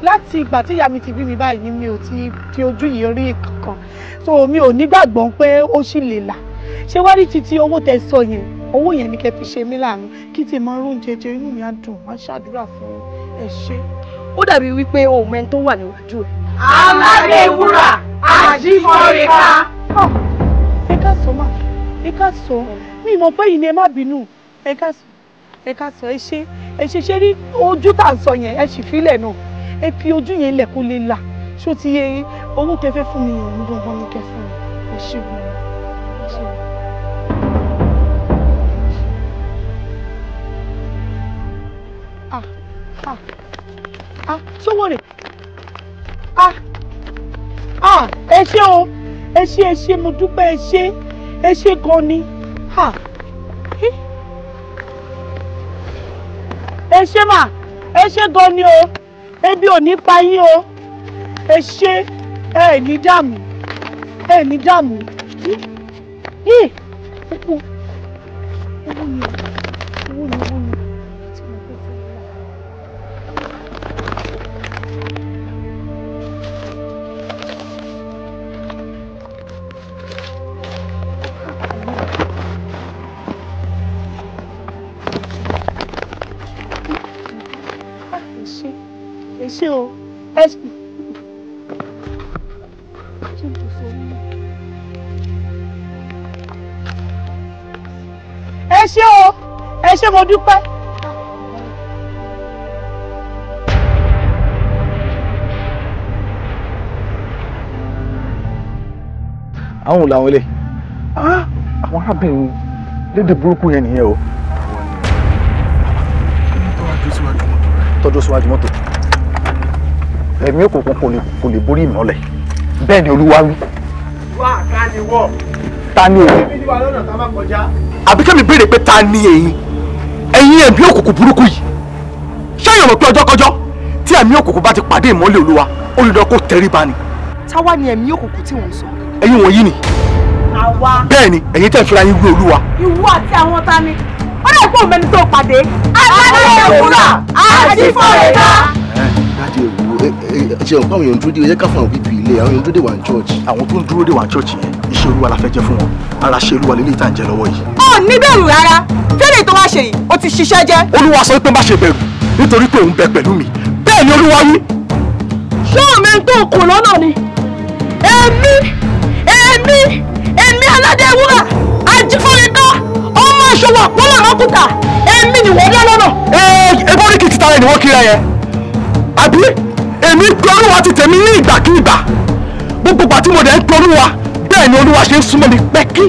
láti ìgbà tí ìyá mi ti bí mi báyìí mi ò ti fi ojú yìí rí kankan so mi ò nígbàgbọ́ pé ó ṣì lè là ṣé wá rí títí owó tẹ sọ yẹn owó yẹn ni kẹ́ fi ṣe mí láàánú kí tí mo rún jẹjẹ inú mi á dùn má ṣàdúrà fún ẹ ṣe. ó dàbí wípé òun ẹni tó wà níwájú ẹ. aládé wúrà àjímọ̀rẹ́ká. Ah, ẹ ká sọ ẹ ká mi mọ̀ pé yìí ni ẹ má bínú ẹ ká sọ ẹ ká sọ ẹ ṣe ẹ ṣe ṣe rí ojú tá à ń sọ yẹn ẹ sì fílẹ̀ náà ẹ fi ojú yẹn lẹ̀ lè là ṣó ti yẹ owó kẹfẹ́ fún mi yẹn ní gbọ̀ngàn ní kẹfẹ́ ẹ ṣe gbọ̀ngàn. Ah, ah, Sówórè. Ah, ah, ẹ ṣé o, ẹ ṣé ẹ ṣé mo dúpẹ́ ẹ ṣé, ẹ ṣé gan ni. Ah, ẹ ṣé mà, ẹ ṣé gan ni o, ebi ò ní pa yín o. Ẹ ṣé, ẹ ní dààmú, ẹ ní dààmú. Yìí, yìí, ó kú, ó kú yìí. ṣé mo dúpẹ́. àwọn ò làwọn ilé ah, àwọn arábìnrin lédè burúkú yẹn nìyẹn o. tọ́jú síwájú mọ́tò ẹ̀mí òkùnkùn kò lè kò lè borí ìmọ̀lẹ̀ bẹ́ẹ̀ ni olúwa wí. wá ká ni wọ. ta ni o. ẹbí ni wà lọ́nà tá a bá kọjá. àbíkẹ́ béèrè pé ta ni èyí ẹ̀yin ẹ̀mí òkùnkùn burúkú yìí ṣẹ́yìn mọ̀ pé ọjọ́kọjọ́ tí ẹ̀mí òkùnkùn bá ti pàdé ìmọ́lẹ̀ olúwa olùdókò tẹríba ni. táwa ni ẹ̀mí òkùnkùn tí wọ́n sọ. ẹ̀yin wọ̀nyí ni. àwa. bẹ́ẹ̀ ni ẹ̀yin tẹ̀ fira yín wí olúwa. ìwọ àti àwọn ta ni ó òmẹni tó pàdé. àgbàdo ìṣèkúrà àti fọ̀rẹ̀dá ṣe òpá àwọn èèyàn dúró dé ẹ jẹ́ àwọn bíbí ilé àwọn èèyàn dúró dé wà ní chọ́ọ̀chì. àwọn tó ń dúró dé wà ní chọ́ọ̀chì yẹn iṣẹ́ olúwa la fẹ́ jẹ́ fún wọn ara ṣe olúwa lélẹ́yìí tá à ń jẹ lọ́wọ́ yìí. ó níbẹ̀rù rárá fẹ́rẹ̀ tó wá ṣe yìí ó ti ṣiṣẹ́ jẹ́. olúwa sọ pé má ṣe bẹ̀rù nítorí pé òun bẹ pẹ̀lú mi bẹ́ẹ̀ ni olúwa wí. ṣọ́ọ̀mẹ́ tó èmi pe olúwa ti tèmi ní ìgbàkigbà gbogbo pàtí mo dẹ̀ ń pe olúwa bẹ́ẹ̀ ni olúwa ṣe ń súnmọ́ mi pẹ́kí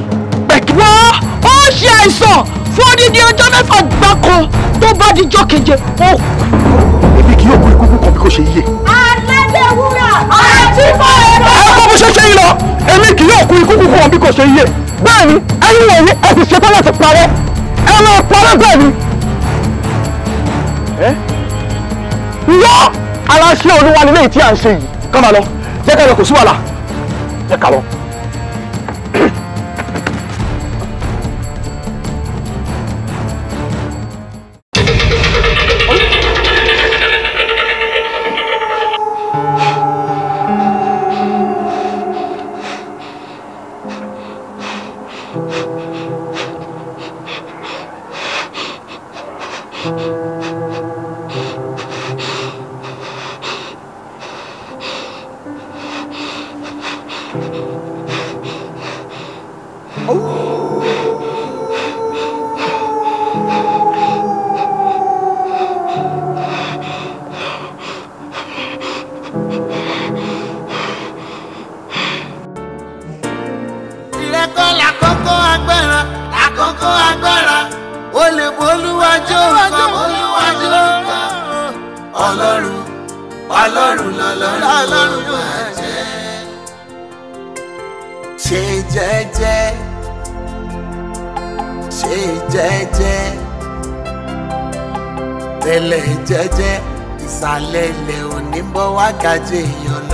pẹ́kí. wọ́n ó ṣe àìsàn fún odidi ọjọ́ mẹ́fà gbáko tó bá dijọ́ keje ó. èmi kì yóò kú ikú kúkọ bí kò ṣe yíyẹ. alẹ́ wúrà àti fọ́ọ̀rọ̀. ẹ kọ́ bó ṣe ṣe yìí lọ èmi kì yóò kú ikú kúkọ bí kò ṣe yíyẹ. bẹ́ẹ̀ ni ẹ̀yin wọ̀nyí ẹ ti ṣetán láti parẹ́ ẹ lọ parẹ́ bẹ́ẹ̀ ni. ẹ iyọ́ aláṣẹ olúwa nílé tí à ń ṣe yìí kọ́ máa lọ jẹ́ ká lọ kò sí wàhálà jẹ́ ká lọ. ọlọ́run ọlọ́run lọ́lọ́run ló máa jẹ́. ṣe jẹ́jẹ́ ṣe jẹ́jẹ́ tẹ̀lẹ̀ jẹ́jẹ́ ìsàlẹ̀ ilẹ̀ òní bọ́ wá èèyàn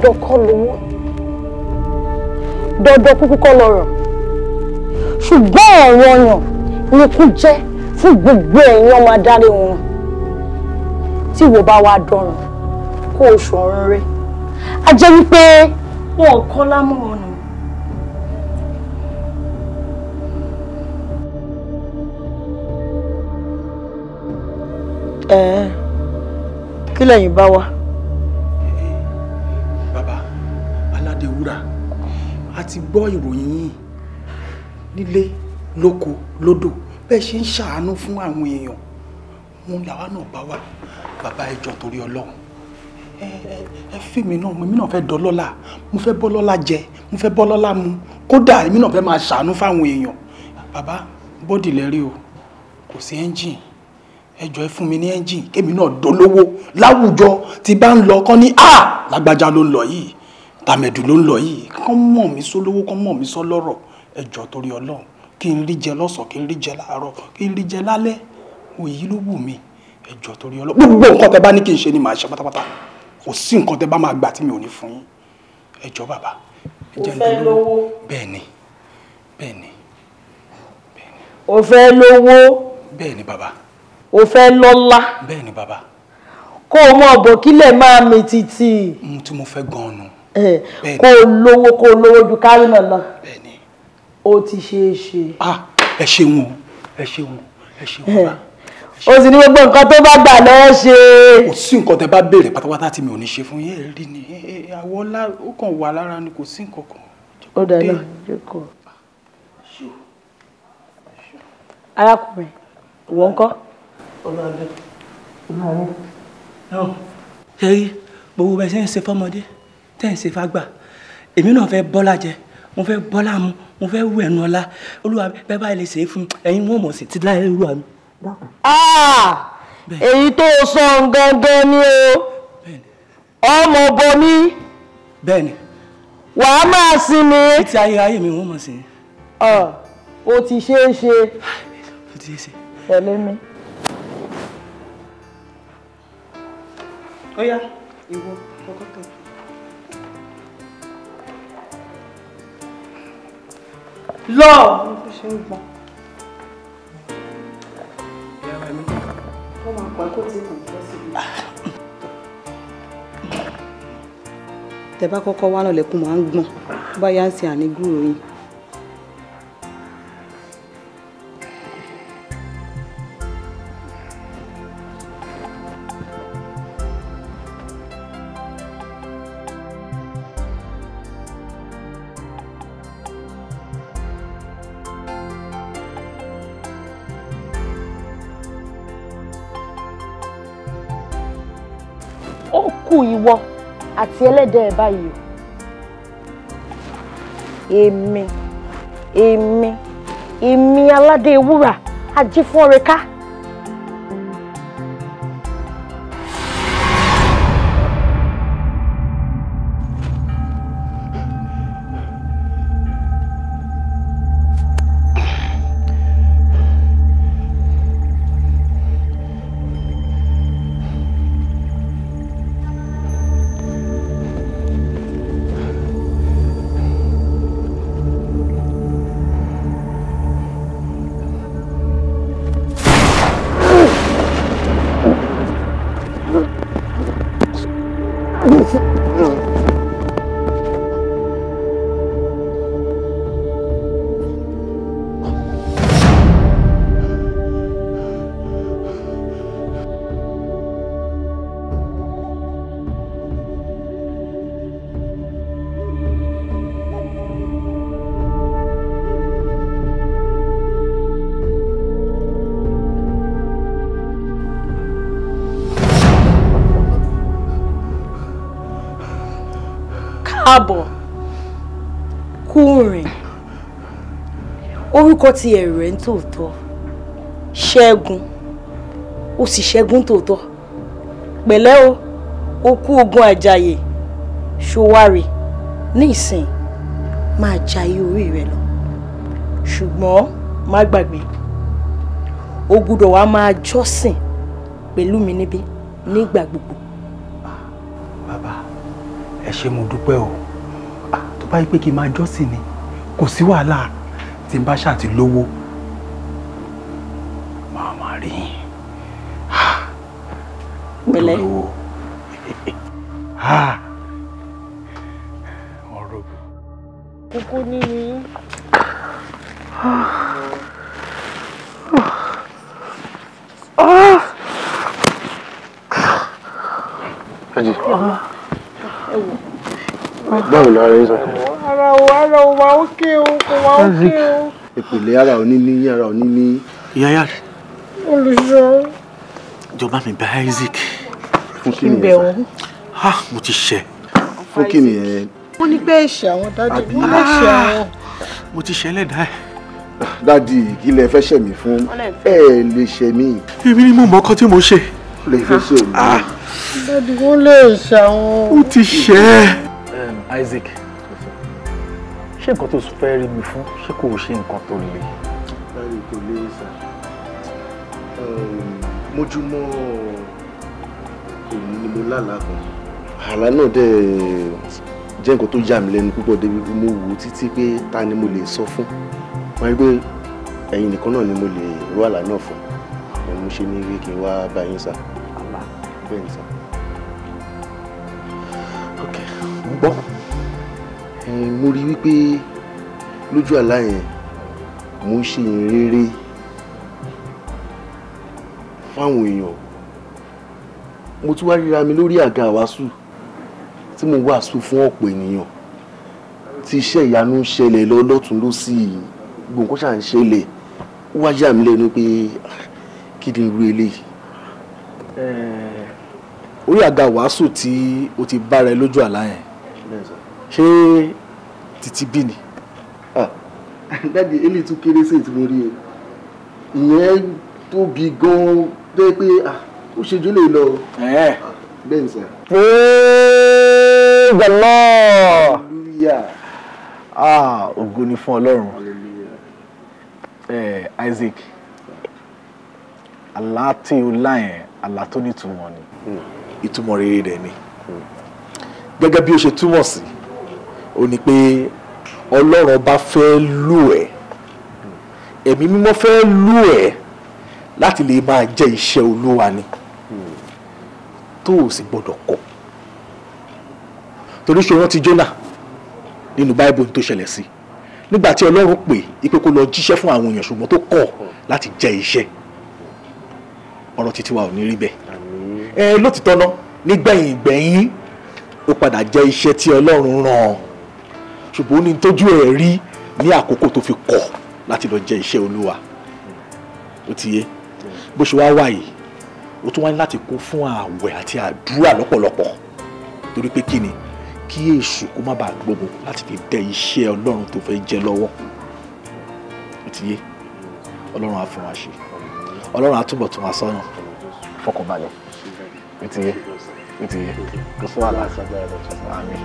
dandan kọ́ ló wọ́n dandan kúkú kọ́ lọ́rọ̀ ṣùgbọ́n ọ̀rọ̀ ọyàn ni ikú jẹ́ fún gbogbo ẹ̀yin ọmọ adarí wọn tí ìwọ bá wá dọ̀rùn kó oṣù ọ̀run rẹ a jẹ́ wípé wọn kọ́ lámọ̀ràn nù. ẹ kí lẹ́yìn bá wa. gbọ́ ìròyìn yìí nílé lóko lódò bẹ́ẹ̀ ṣe ń ṣàánú fún àwọn èèyàn wọn làwa náà bá wà bàbá ẹjọ́ torí ọlọ́run ẹ fi mi náà mi náà fẹ́ dọlọ́lá mo fẹ́ bọ́lọ́lá jẹ mo fẹ́ bọ́lọ́lá mu kódà èmi náà fẹ́ máa ṣàánú fáwọn èèyàn bàbá bọ́dì lẹ́rí o kò sí ẹ́ńjìn ẹjọ́ ẹ fún mi ní ẹ́ńjìn kémi náà dolówó láwùjọ tí bá ń lọ kọ́ ní a lágbájá ló ń lọ yìí tàmẹ̀dù ló ń lọ yìí kán mọ̀ mí sólówó kán mọ̀ mí sọlọ́rọ̀ ẹjọ́ torí ọlọ́run kí n rí jẹ lọ́sàn kí n rí jẹ láàárọ̀ kí n rí jẹ lálẹ́ òyì ló wù mí ẹjọ́ torí ọlọ́run gbogbo nǹkan tẹ bá ní kí n ṣe ni màá ṣe pátápátá kò sí nǹkan tẹ bá máa gbà tí mi ò ní fún yín ẹjọ́ bàbá ẹjẹ́ ń lówó bẹ́ẹ̀ ni bẹ́ẹ̀ ni bẹ́ẹ̀ ni. o fẹ́ lówó. bẹ́ẹ̀ ni bàbá. o fẹ́ lọ́lá. bẹ́ẹ̀ ni bàbá. kó o mọ Eh, kó o lówó kó o lówó ju kárí náà lọ ó ti ṣeé ṣe. Ah, ẹ ṣeun ẹ ṣeun ẹ ṣeun eh, bá. o sì ní gbogbo nǹkan tó bá gbà lọ́wọ́ ṣe. kò sí nǹkan tẹ bá béèrè pátápátá tí mi ò ní ṣe fún yín rí ni eh, àwọ̀ ó kàn wà lára ni kò sí nǹkan kan. ó dáná jókòó. Ah, arákùnrin ìwọ ń kọ́. ọlọ́run ọlọ́run ẹ rí gbogbo bẹ́ẹ̀ ṣe ń ṣe fọ́mọdé tẹ́ ẹ̀ ṣe fágbà èmi náà fẹ́ bọ́lá jẹ mo fẹ́ bọ́lá mu mo fẹ́ wù ẹnu ọlá olúwa bẹ́ẹ̀ báyìí lè ṣe é fún ẹ̀yin wọn mọ̀ sí ti láyé olúwa mi. Ah! èyí tó sọ gangan ni o ọmọ bomi bẹ́ẹ̀ni wàá máa sinmi. títí ayé ayé mi wọn mọ̀ sí. o ti ṣe. o ṣe. tẹ̀lé mi. ó yá lọ. ó máa pẹ́ kó tí kò tó síbi. tẹ bá kọ́kọ́ wá náà lẹ́kùn máa ń gbọ̀n bá ń sin àní gúrò yìí. ti ẹlẹ́dẹ̀ ẹ̀ báyìí o èmi èmi èmi aládé ewúrà ajífọ́nrẹ́ká. káàbọ̀ kú rìn orúkọ ti ẹ̀rù ẹ̀ ń tòótọ́ ṣẹ́gun ó sì ṣẹ́gun tòótọ́ pẹ̀lẹ́ o ó kú ogun àjàyè ṣòwárì nísìn máa jayé orí rẹ lọ ṣùgbọ́n má gbàgbé o gbúdọ̀ wá máa jọ́sìn pẹ̀lú mi níbí nígbà gbogbo. Ah, bàbá ẹ ṣé mo dúpẹ́ o bá yí pé kí n máa jọ́sìn ni kò sí wàhálà tí n bá ṣàti lówó màá máa rí yín. pẹ̀lẹ́ ọ̀rọ̀ kókó nínú yín. Báwo la rí sọ? Eric ìpìlẹ̀ ara òní ní ara òní ní. yaya. olùṣọ́. ìjọba mi bá Isaac. fún kí nìyẹn sọ. ha mo ti ṣe. fún kí nìyẹn. wọ́n ní pé ẹ̀ṣẹ̀ àwọn dájú wọ́n lè ṣe ah, àwọn. mo ti ṣe ẹlẹ́dàá ẹ̀. dádì kí lẹ fẹ́ ṣẹ̀ mí fún ẹ lè ṣe mí. èmi ni mo mọ ọkọ tí mo ṣe. lè fẹ́ ṣe mí. Ah. dádì wọ́n lè ṣe àwọn. ó ti ṣe Isaac ṣé nǹkan tó fẹ́ rí mi fún ṣé kò ṣe nǹkan tó le. báyìí kò lè sà mójúmọ́ èmi ni mo lálàá kan àlá náà dẹ̀ jẹ́ nǹkan tó yà mí lẹ́nu púpọ̀ débi mo wò ó títí pé ta ni mo lè sọ fún wọ́n rí pé nìkan náà ni mo lè rú àlá náà fún ẹ̀mú ṣe ní wí kí n wá bá yín sà. àlá bẹ́ẹ̀ ni sà. ok gbọ́. Bon mo rí wípé lójú àlá yẹn mo ń ṣe ìrere fáwọn èèyàn mo tún wá ríra mi lórí àga àwàásù tí mo wàásù fún ọ̀pọ̀ ènìyàn tí iṣẹ́ ìyanu ń ṣẹlẹ̀ lọ lọ́tún lọ́sì gbòǹkó ṣà ń ṣẹlẹ̀ ó wá yà mí lẹ́nu pé ah, kí ni irú eléyìí. orí àga wàásù tí o ti bára ẹ lójú àlá yẹn ṣé Titi bí ni. Ah. dáàdi eléyìí tún kéré sí ètò lórí ẹ ìyẹn tóbi gan-an pé pé ah, ó ṣe jólè lọ ah, bẹ́ẹ̀ sà. praise the lord. ah ògo ni fún ọlọ́run. hallelujah. Eh, isaac àlá tí o lá yẹn àlá tó nítumọ̀ ni. Hmm. ìtumọ̀ rere rẹ̀ ni gẹ́gẹ́ bí o ṣe túmọ̀ sí o ní pé ọlọ́run bá fẹ́ lù ẹ́ ẹ̀mí mímọ́ fẹ́ lù ẹ́ láti lè máa jẹ́ iṣẹ́ olúwa ni tó o sì gbọ́dọ̀ kọ̀ torí ṣe rántí Jónà nínú báíbù tó ṣẹlẹ̀ sí nígbà tí ọlọ́run pè é pé kó lọ jíṣẹ́ fún àwọn èèyàn ṣùgbọ́n tó kọ̀ láti jẹ́ iṣẹ́ ọ̀rọ̀ títí wa ò ní rí bẹ́ẹ̀ ẹ lótìtọ́ náà nígbẹ̀yìn gbẹ̀yìn ó padà jẹ́ iṣẹ́ tí ọlọ́run rán an ṣùgbọ́n ó ní tójú ẹ̀ rí ní àkókò tó fi kọ̀ láti lọ jẹ iṣẹ́ olúwa ó ti yé bó ṣe wá wà yìí ó tún wá ní láti kún fún ààwẹ̀ àti àdúrà lọ́pọ̀lọpọ̀ torí pé kí ni kí èṣù kó má bàa gbógun láti fi dẹ iṣẹ́ ọlọ́run tó fẹ́ jẹ lọ́wọ́ ó ti yé ọlọ́run á fún wa ṣe ọlọ́run á túbọ̀ tún wa sọ́nà fọkànbalẹ̀ ó ti yé ó ti yé kò sí wàhálà àmín.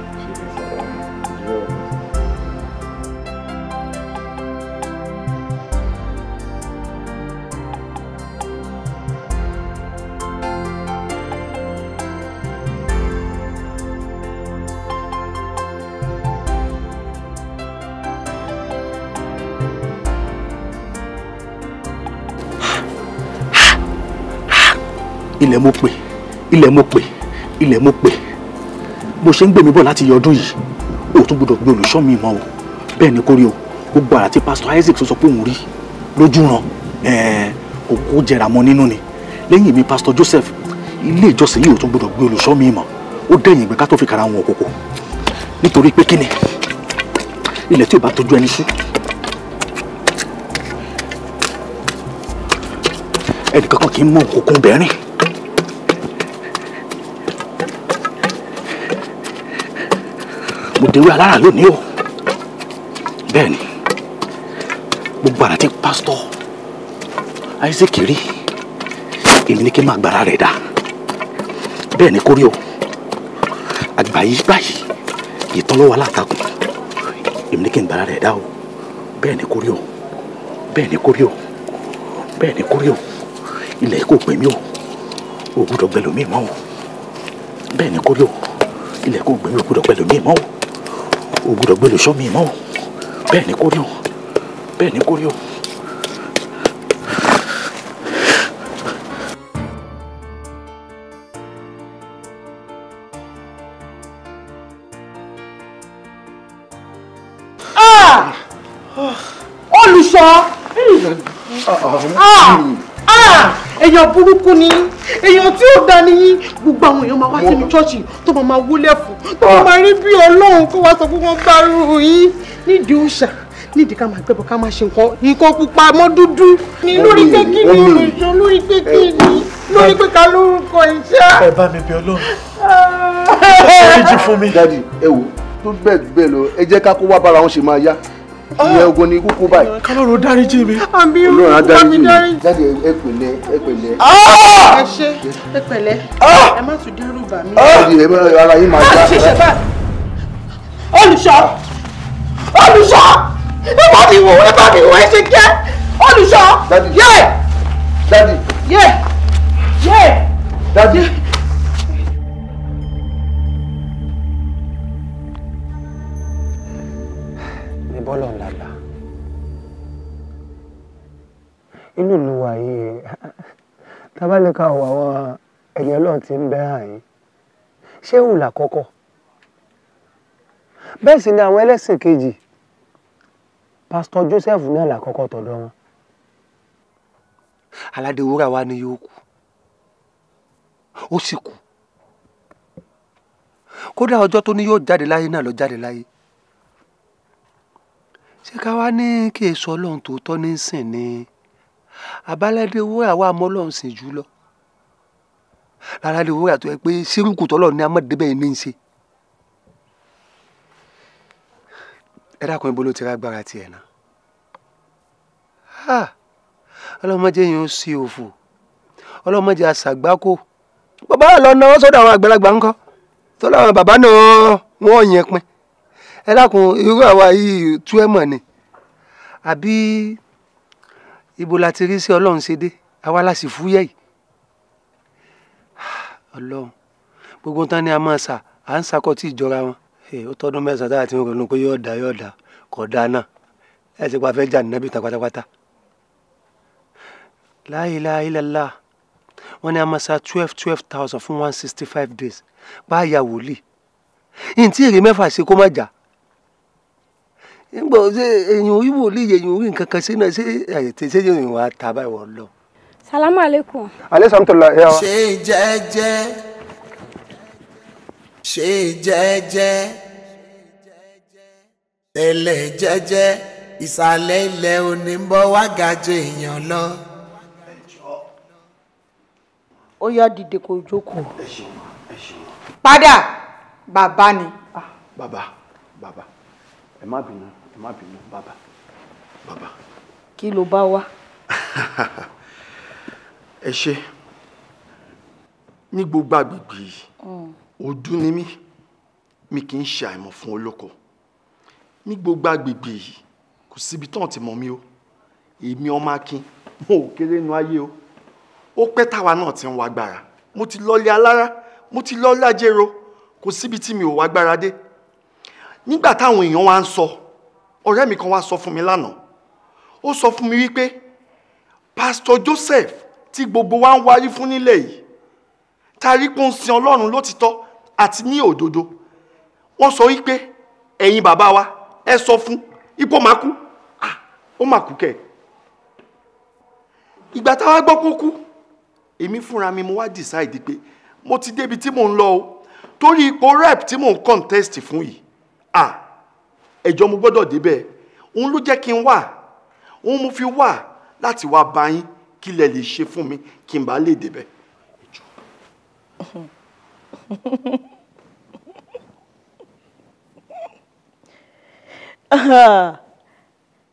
ilẹ̀ mo pè ilẹ̀ mo pè ilẹ̀ mo pè bó ṣe ń gbèmí bọ̀ láti yọ yìí o tún gbọdọ̀ gbé olùṣọ́ mi mọ́ o bẹ́ẹ̀ ni kórè o gbogbo àrà tí pásítọ̀ Isaac sọ pé òun rí lójú ran kò kó mọ́ nínú ni lẹ́yìn mi pásítọ̀ Joseph ilé ìjọsìn yìí o tún gbọdọ̀ gbé olùṣọ́ mi mọ́ O dẹ̀yìn ìgbẹ́ ká tó fi kàrà wọn òkòkò nítorí pé kíni ilẹ̀ tí ò bá tójú ẹni sí ẹnìkankan kì í mọ òkòkò bẹ́ẹ̀ rìn. mo dèrò alára lónìí o bẹ́ẹ̀ ni gbogbo àrà tí pásítọ̀ Isaac rí èmi ní kí n máa gbára rẹ̀ dá bẹ́ẹ̀ ni kórí o àgbà yìí báyìí ìtọ́lọ́wọ́ alátakùn èmi ní kí n gbára rẹ̀ dá o bẹ́ẹ̀ ni kórí o bẹ́ẹ̀ ni kórí o bẹ́ẹ̀ ni kórí o ilẹ̀ kò pè mí o ò gbúdọ̀ gbẹlòmíì mọ́ o bẹ́ẹ̀ ni kórí o ilẹ̀ kò gbẹ̀mí òkúdọ̀ pẹ̀lú mi mọ́ o o gbọ́dọ̀ gbé lòṣọ́ mi mọ́ o bẹ́ẹ̀ ni kò rí o bẹ́ẹ̀ ni kò rí o. Ah! Ah! Ah! èèyàn burúkú ni èèyàn tí ó dá nìyí gbogbo àwọn èèyàn máa wá sínú ṣọ́ọ̀ṣì tó máa wúlẹ̀ kó máa rí bí ọlọ́run kó wá sọ pé wọ́n bá rú yín nídìí òòṣà nídìí ká máa gbẹ́bọ ká máa ṣe nǹkan ìkó pupa mọ́ dúdú ni lórí pé kí ni olùṣọ́ lórí pé kí ni lórí pé ká lórúkọ ìṣá. ẹ bá mi bí ọlọ́run ẹ jí fún mi. dadi ẹ wo tó bẹ́ẹ̀ bẹ́ẹ̀ lọ ẹ jẹ́ ká kó wá bára wọn ṣe máa yá ìyẹn ah. ogun ni kúkú báyìí. kálọ̀rọ̀ dáríjì mi. àbí olùrànà dáríjì mi jáde ẹ pẹ̀lẹ́ ẹ ṣe ah! ẹ ah! ẹ má tún dẹ́rù bà mí. ọ̀dì rẹ̀ mẹ́rin ara yín máa já. olùṣọ́ olùṣọ́ ẹ bá mi wò ẹ bá mi wò ẹ ṣe jẹ́ olùṣọ́. dadi dadi. yé yé yé. dadi. bọ́lọ̀ lálá inú ìlú wa yìí tábàlẹ́ka ọ̀wọ́ àwọn ẹ̀yẹ ọlọ́run ti ń bẹ́ àyín ṣé hùlà kọ́kọ́ bẹ́ẹ̀ sì ni àwọn ẹlẹ́sìn kejì pásítọ̀ Joseph náà làkọ́kọ́ tọ̀dọ̀ wọn aládé wúrà wa ni yóò kú ó sì kú kódà jáde láyé jáde láyé ṣé ká wá ní kí èso ọlọ́run tòótọ́ ní sìn ni àbálẹ́dẹ́ wúrà wà mọ́ ọlọ́run sìn jù lọ rárá lè wúrà tó yẹ pé sírùkù tọ́lọ̀ ní amọ̀débẹ̀ yìí ní í ṣe. ẹ dákun ibo ló ti rágbára tiẹ̀ náà ọlọ́mọdé yìí ń sí òfò ọlọ́mọdé àṣàgbákò bàbá àlọ́ wọ́n sọ́dọ̀ àwọn àgbàlagbà ńkọ́ tó láwọn bàbá náà wọ́n yẹn pin ẹ dákun irú àwa yìí tú ẹ mọ̀ ni àbí ibo la ti rí sí ọlọ́run ṣe dé àwa la sì fúyẹ́ yìí ọlọ́run gbogbo tán ni a máa sà à ń sakọ tí ìjọra wọn ó tọdún mẹ́sàn-án tá a ti ń ronú pé yóò dá yóò dá kò dá náà ẹ ti pa fẹ́ jà nínábì tán pátápátá láìláìlàlá wọn ni a máa sa twelve twelve thousand fún one sixty five days báyà wòlíì ntí èrè mẹ́fà ṣe kó má jà nígbà ṣe èyàn orí wòlíì èyàn orí nǹkan kan sínú ṣé àyètè ṣé èyàn wà á ta báyìí wọ́n lọ. salamu aleykum. alẹ́ sàmútòlá ẹ̀ wá. ṣe jẹ́jẹ́ ṣe jẹ́jẹ́ tẹ̀lẹ̀ jẹ́jẹ́ ìsàlẹ̀ ilẹ̀ òní ń bọ̀ wá gàjẹ́ èèyàn lọ. ó yá dìde kó jókòó. padà bàbá ni. Ah, bàbá bàbá ẹ má bínú ẹ má bínú bàbá bàbá. kí ló bá wá. ẹ ṣe ní gbogbo àgbègbè yìí oh. ojú ni mí mi kì í ṣe àìmọ̀ fún olóko ní gbogbo àgbègbè yìí kò síbi tán ti mọ̀ mí o èmi ọmọ akin mo ò kéré nu ayé o ó pẹ́ táwa náà ti ń wá agbára mo ti lọ́lé alára mo ti lọ́lé ajérò kò síbi tí mi ò wá agbára dé nígbà táwọn èèyàn wá ń sọ. So ọ̀rẹ́ mi kan wá sọ fún mi lánàá ó sọ fún mi wípé pásítọ̀ Joseph tí gbogbo wa ń wárí fún nílẹ̀ yìí tarí pé ó ń sin Ọlọ́run lótìtọ́ àti ní òdodo wọ́n sọ wípé ẹ̀yin bàbá wa ẹ sọ fún ipò máa kú ó máa kú kẹ̀ ìgbà táwa gbọ́ kó kú èmi fúnra mi mo wá decide pé mo ti débi tí mò ń lọ o torí ipò rep tí mò ń contest fún yìí ah ẹjọ́ mo gbọ́dọ̀ débẹ̀ òun ló jẹ́ kí n wà òun mo fi wà láti wá bá yín kí lẹ lè ṣe fún mi kí n bá lè débẹ̀.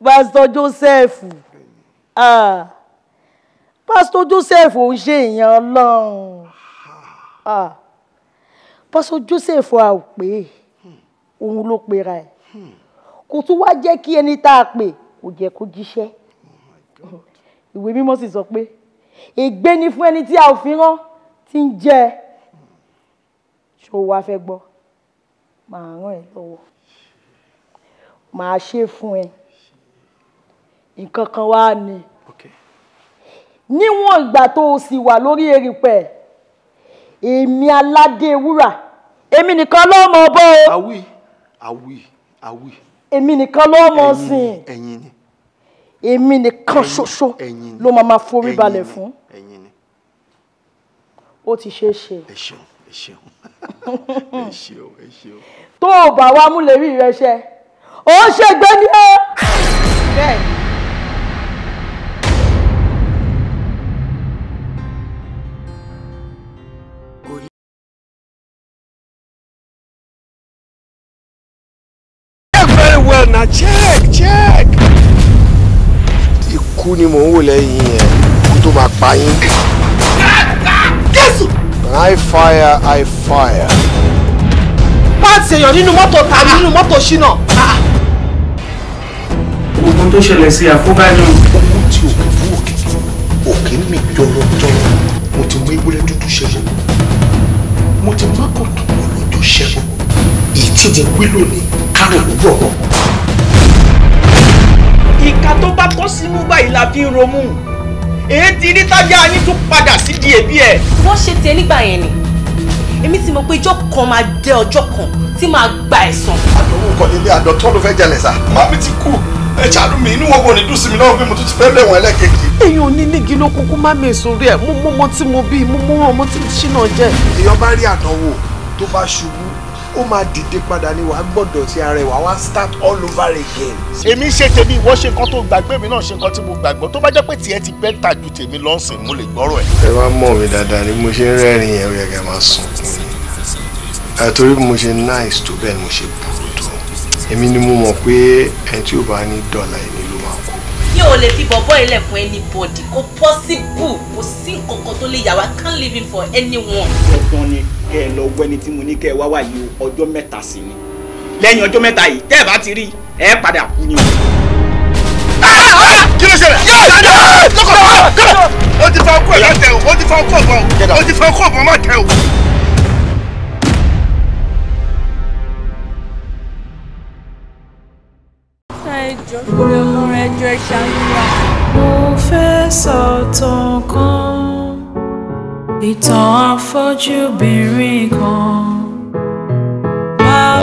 pásítọ̀ Joseph ah. pásítọ̀ Joseph ò ń ṣe èèyàn Ọlọ́run ah. pásítọ̀ Joseph a ò pé òun ló pera ẹ̀. Hmm kò tún wá jẹ́ kí ẹni tá a pè kò jẹ́ kó jíṣẹ́ ìwé mímọ́ sì sọ pé ègbé ni fún ẹni tí a ò fi rán tí ń jẹ ṣó wá fẹ́ gbọ́ màá ràn ẹ́ lọ́wọ́ màá ṣe fún ẹ nǹkan kan wá ni níwọ̀n ìgbà tó o sì wà lórí erìpẹ̀ èmi aládé wúrà èmi nìkan ló mọ̀ bọ́ àwí àwí àwí èmi nìkan ló mọ̀ sìn èmi nìkan ṣoṣo ló máa ma forí balẹ̀ fún ó ti ṣe é ṣe. tó o bá wa mú lè rí ìrẹsẹ̀ ó ṣègbè ni ó. bẹ́ẹ̀ ni. check check. ikú ni mò ń wò lẹ́yìn yẹn kó tó máa pa yín. jésù. i fire i fire. páàtì èèyàn nínú mọ́tò tàbí nínú mọ́tò ṣínà. ogun tó ṣẹlẹ̀ sí àfúgánì. ogun tí òkè fún òkè òkè mi jọ̀rọ̀jọ̀rọ̀ mo ti mú ewúrẹ́ dúdú ṣẹlẹ̀ mo ti má kò tó ṣẹlẹ̀ ṣèjì wí lónìí kárò òwúrọ̀ náà. ìka tó bá kọ́ sínú báyìí la fi ń romú èyí ti rí tájà yín tún padà sídìí ẹbí ẹ. wọ́n ṣe tiẹ̀ nígbà yẹn ni èmi ti mọ̀ pé ijọ́ kan máa dé ọjọ́ kan tí máa gba ẹ̀san. àdánwò kan nílé àdọ̀tọ́ ló fẹ́ jalè sá. màmí ti kú ẹ ṣàánú mi inú wọn ní dùn mi náà bí mo tún ti fẹ́ lẹ̀wọ̀n ẹlẹ́kẹ̀kì. èèyàn ní nígi ló kúkú má mi sùn rí ẹ mo mọ ọmọ tí mo bí mo mọ ọmọ tí mo ṣì náà jẹ. èèyàn bá rí àdánwò tó bá ṣubú ó máa dìde padà ni wàá gbọ́dọ̀ sí ara ẹ̀ wá start all over again. èmi ṣe tèmi ìwọ ṣe nǹkan tó gbàgbé mi náà ṣe nǹkan tí mo gbàgbọ́ tó bá jẹ́ pé tiẹ̀ ti bẹ́tà ju tèmi lọ́sìn mo lè gbọ́rọ̀ ẹ̀. ẹ wá mọ̀ mi dáadáa ni mo ṣe ń rẹ́rìn yẹn ó yẹ kẹ́ máa mi àtòrí mo ṣe nice tó bẹ́ẹ̀ ni mo ṣe burú tó èmi ni mo mọ̀ pé ẹni tí ò bá ní dọ́là ẹni ló máa kú. mi ò lè fi bọ̀bọ́ ilẹ̀ fún anybody kò possible kò sí nǹkan kan tó lè yà wá can't leave him for anyone kẹ́ ẹ lọ wẹ́ni tí mo ní kẹ́ ẹ wá wáyé o ọjọ́ mẹ́ta sí ni lẹ́yìn ọjọ́ mẹ́ta yìí tẹ́ ẹ bá ti rí ẹ padà kú ni o. kí ló ṣẹlẹ̀ o ti fa ọkọ ẹ̀ má o o ti fa ọkọ ọ̀gbọ́n o ti fa ọkọ ọ̀gbọ́n má tẹ o. ẹjọ́ ọmọ rẹ jọ ẹ ṣàlùwà. mo fẹ́ sọ̀tàn kan. That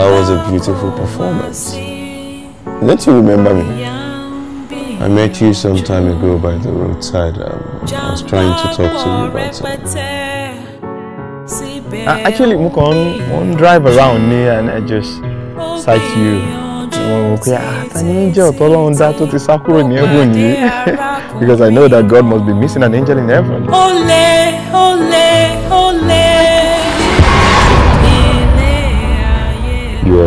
was a beautiful performance. Don't you remember me? I met you some time ago by the roadside. Um, I was trying to talk to you about something. actually, mo kàn drive around me and I just sight you. Mo pe ah, angel tọ́lọ́run dá tó ti sá kúrò ní heaven because I know that God must be missing an angel in heaven.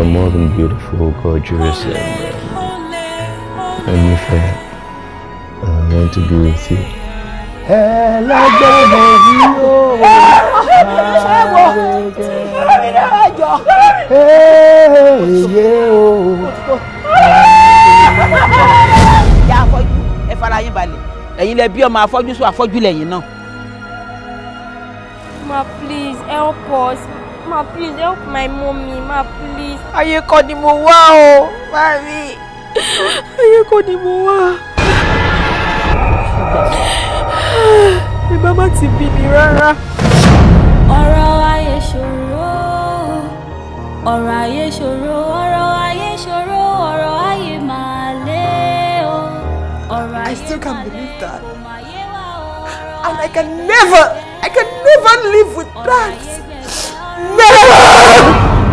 are more than beautiful, gorgeous, and um, I'm fair. I uh, want to be with you. ẹlẹgbẹrẹ yìí ó lẹ bí ọmọ afọ́jú sọ afọ́jú lẹ́yìn náà. ma please help us ma please help my mommy ma please. ayé kọ́ ni mo wá o mami ayé kọ́ ni mo wá. ẹ bá má ti bí mi rárá. ọ̀rọ̀ ayé ṣòro ọ̀rọ̀ ayé ṣòro ọ̀rọ̀ ayé ṣòro ọ̀rọ̀ ayé máa lé o ọ̀rọ̀ ayé máa lé o. I still can't believe that and I can never I can never live with that.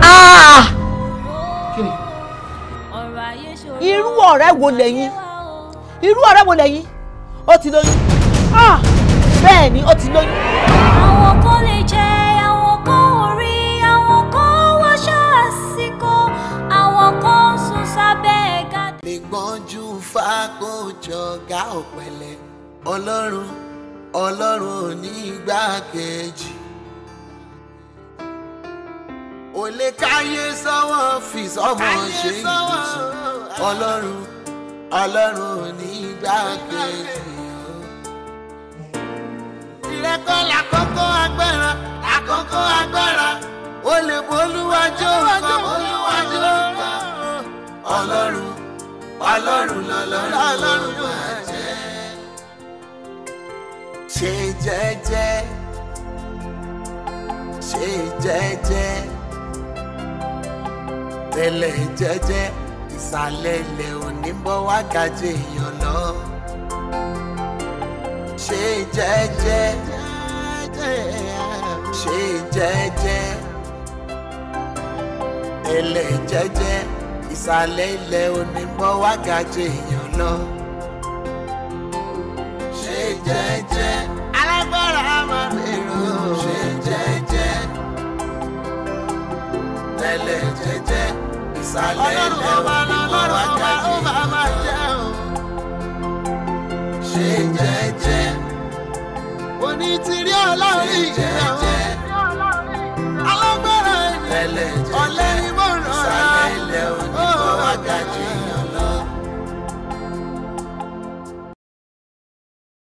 Ah! irú ọ̀rẹ́ wo lẹ́yìn irú ọ̀rẹ́ wo lẹ́yìn ó ti lóyún ah! bẹ́ẹ̀ ni ó ti lóyún. àwọn kò lè jẹ àwọn kò rí àwọn kò wọṣọ àsìkò àwọn kò sùn sábẹ́ gàdé. lè gbọ́njú fàkójọ gá ọ̀pẹ̀lẹ̀ ọlọ́run ọlọ́run onígbàkejì ò lè káyé sọ́wọ́ fi sọ́mọ ṣe ìtùtù ọlọ́run ọlọ́run ò ní gbà kejì o. ìrẹ́kọ́ làkọ́kọ́ agbára làkọ́kọ́ agbára ó lè bolúwájọ́ nǹkan bolúwájọ́ nǹkan ọlọ́run ọlọ́run lọ́lọ́run ló máa jẹ́. ṣe jẹ́jẹ́ ṣe jẹ́jẹ́ tẹ́lẹ̀ jẹ́jẹ́ ìsàlẹ̀ ilẹ̀ òní bọ́ wá gajù èèyàn lọ. ṣe jẹ́jẹ́ ṣe jẹ́jẹ́ tẹ́lẹ̀ jẹ́jẹ́ ìsàlẹ̀ ilẹ̀ òní bọ́ wá gajù èèyàn lọ. ṣe jẹ́jẹ́ alágbára máa ń rò. ṣe jẹ́jẹ́ tẹ́lẹ̀ sálẹ̀ lẹ́ ọ̀rọ̀ ajáde ṣe jẹ́jẹ́ òní ti rí ọlọ́run ìjẹun alágbára ẹ̀yìn ọ̀lẹ́ ìmọ̀ràn sálẹ̀ lẹ́ ọ̀rọ̀ ajáde.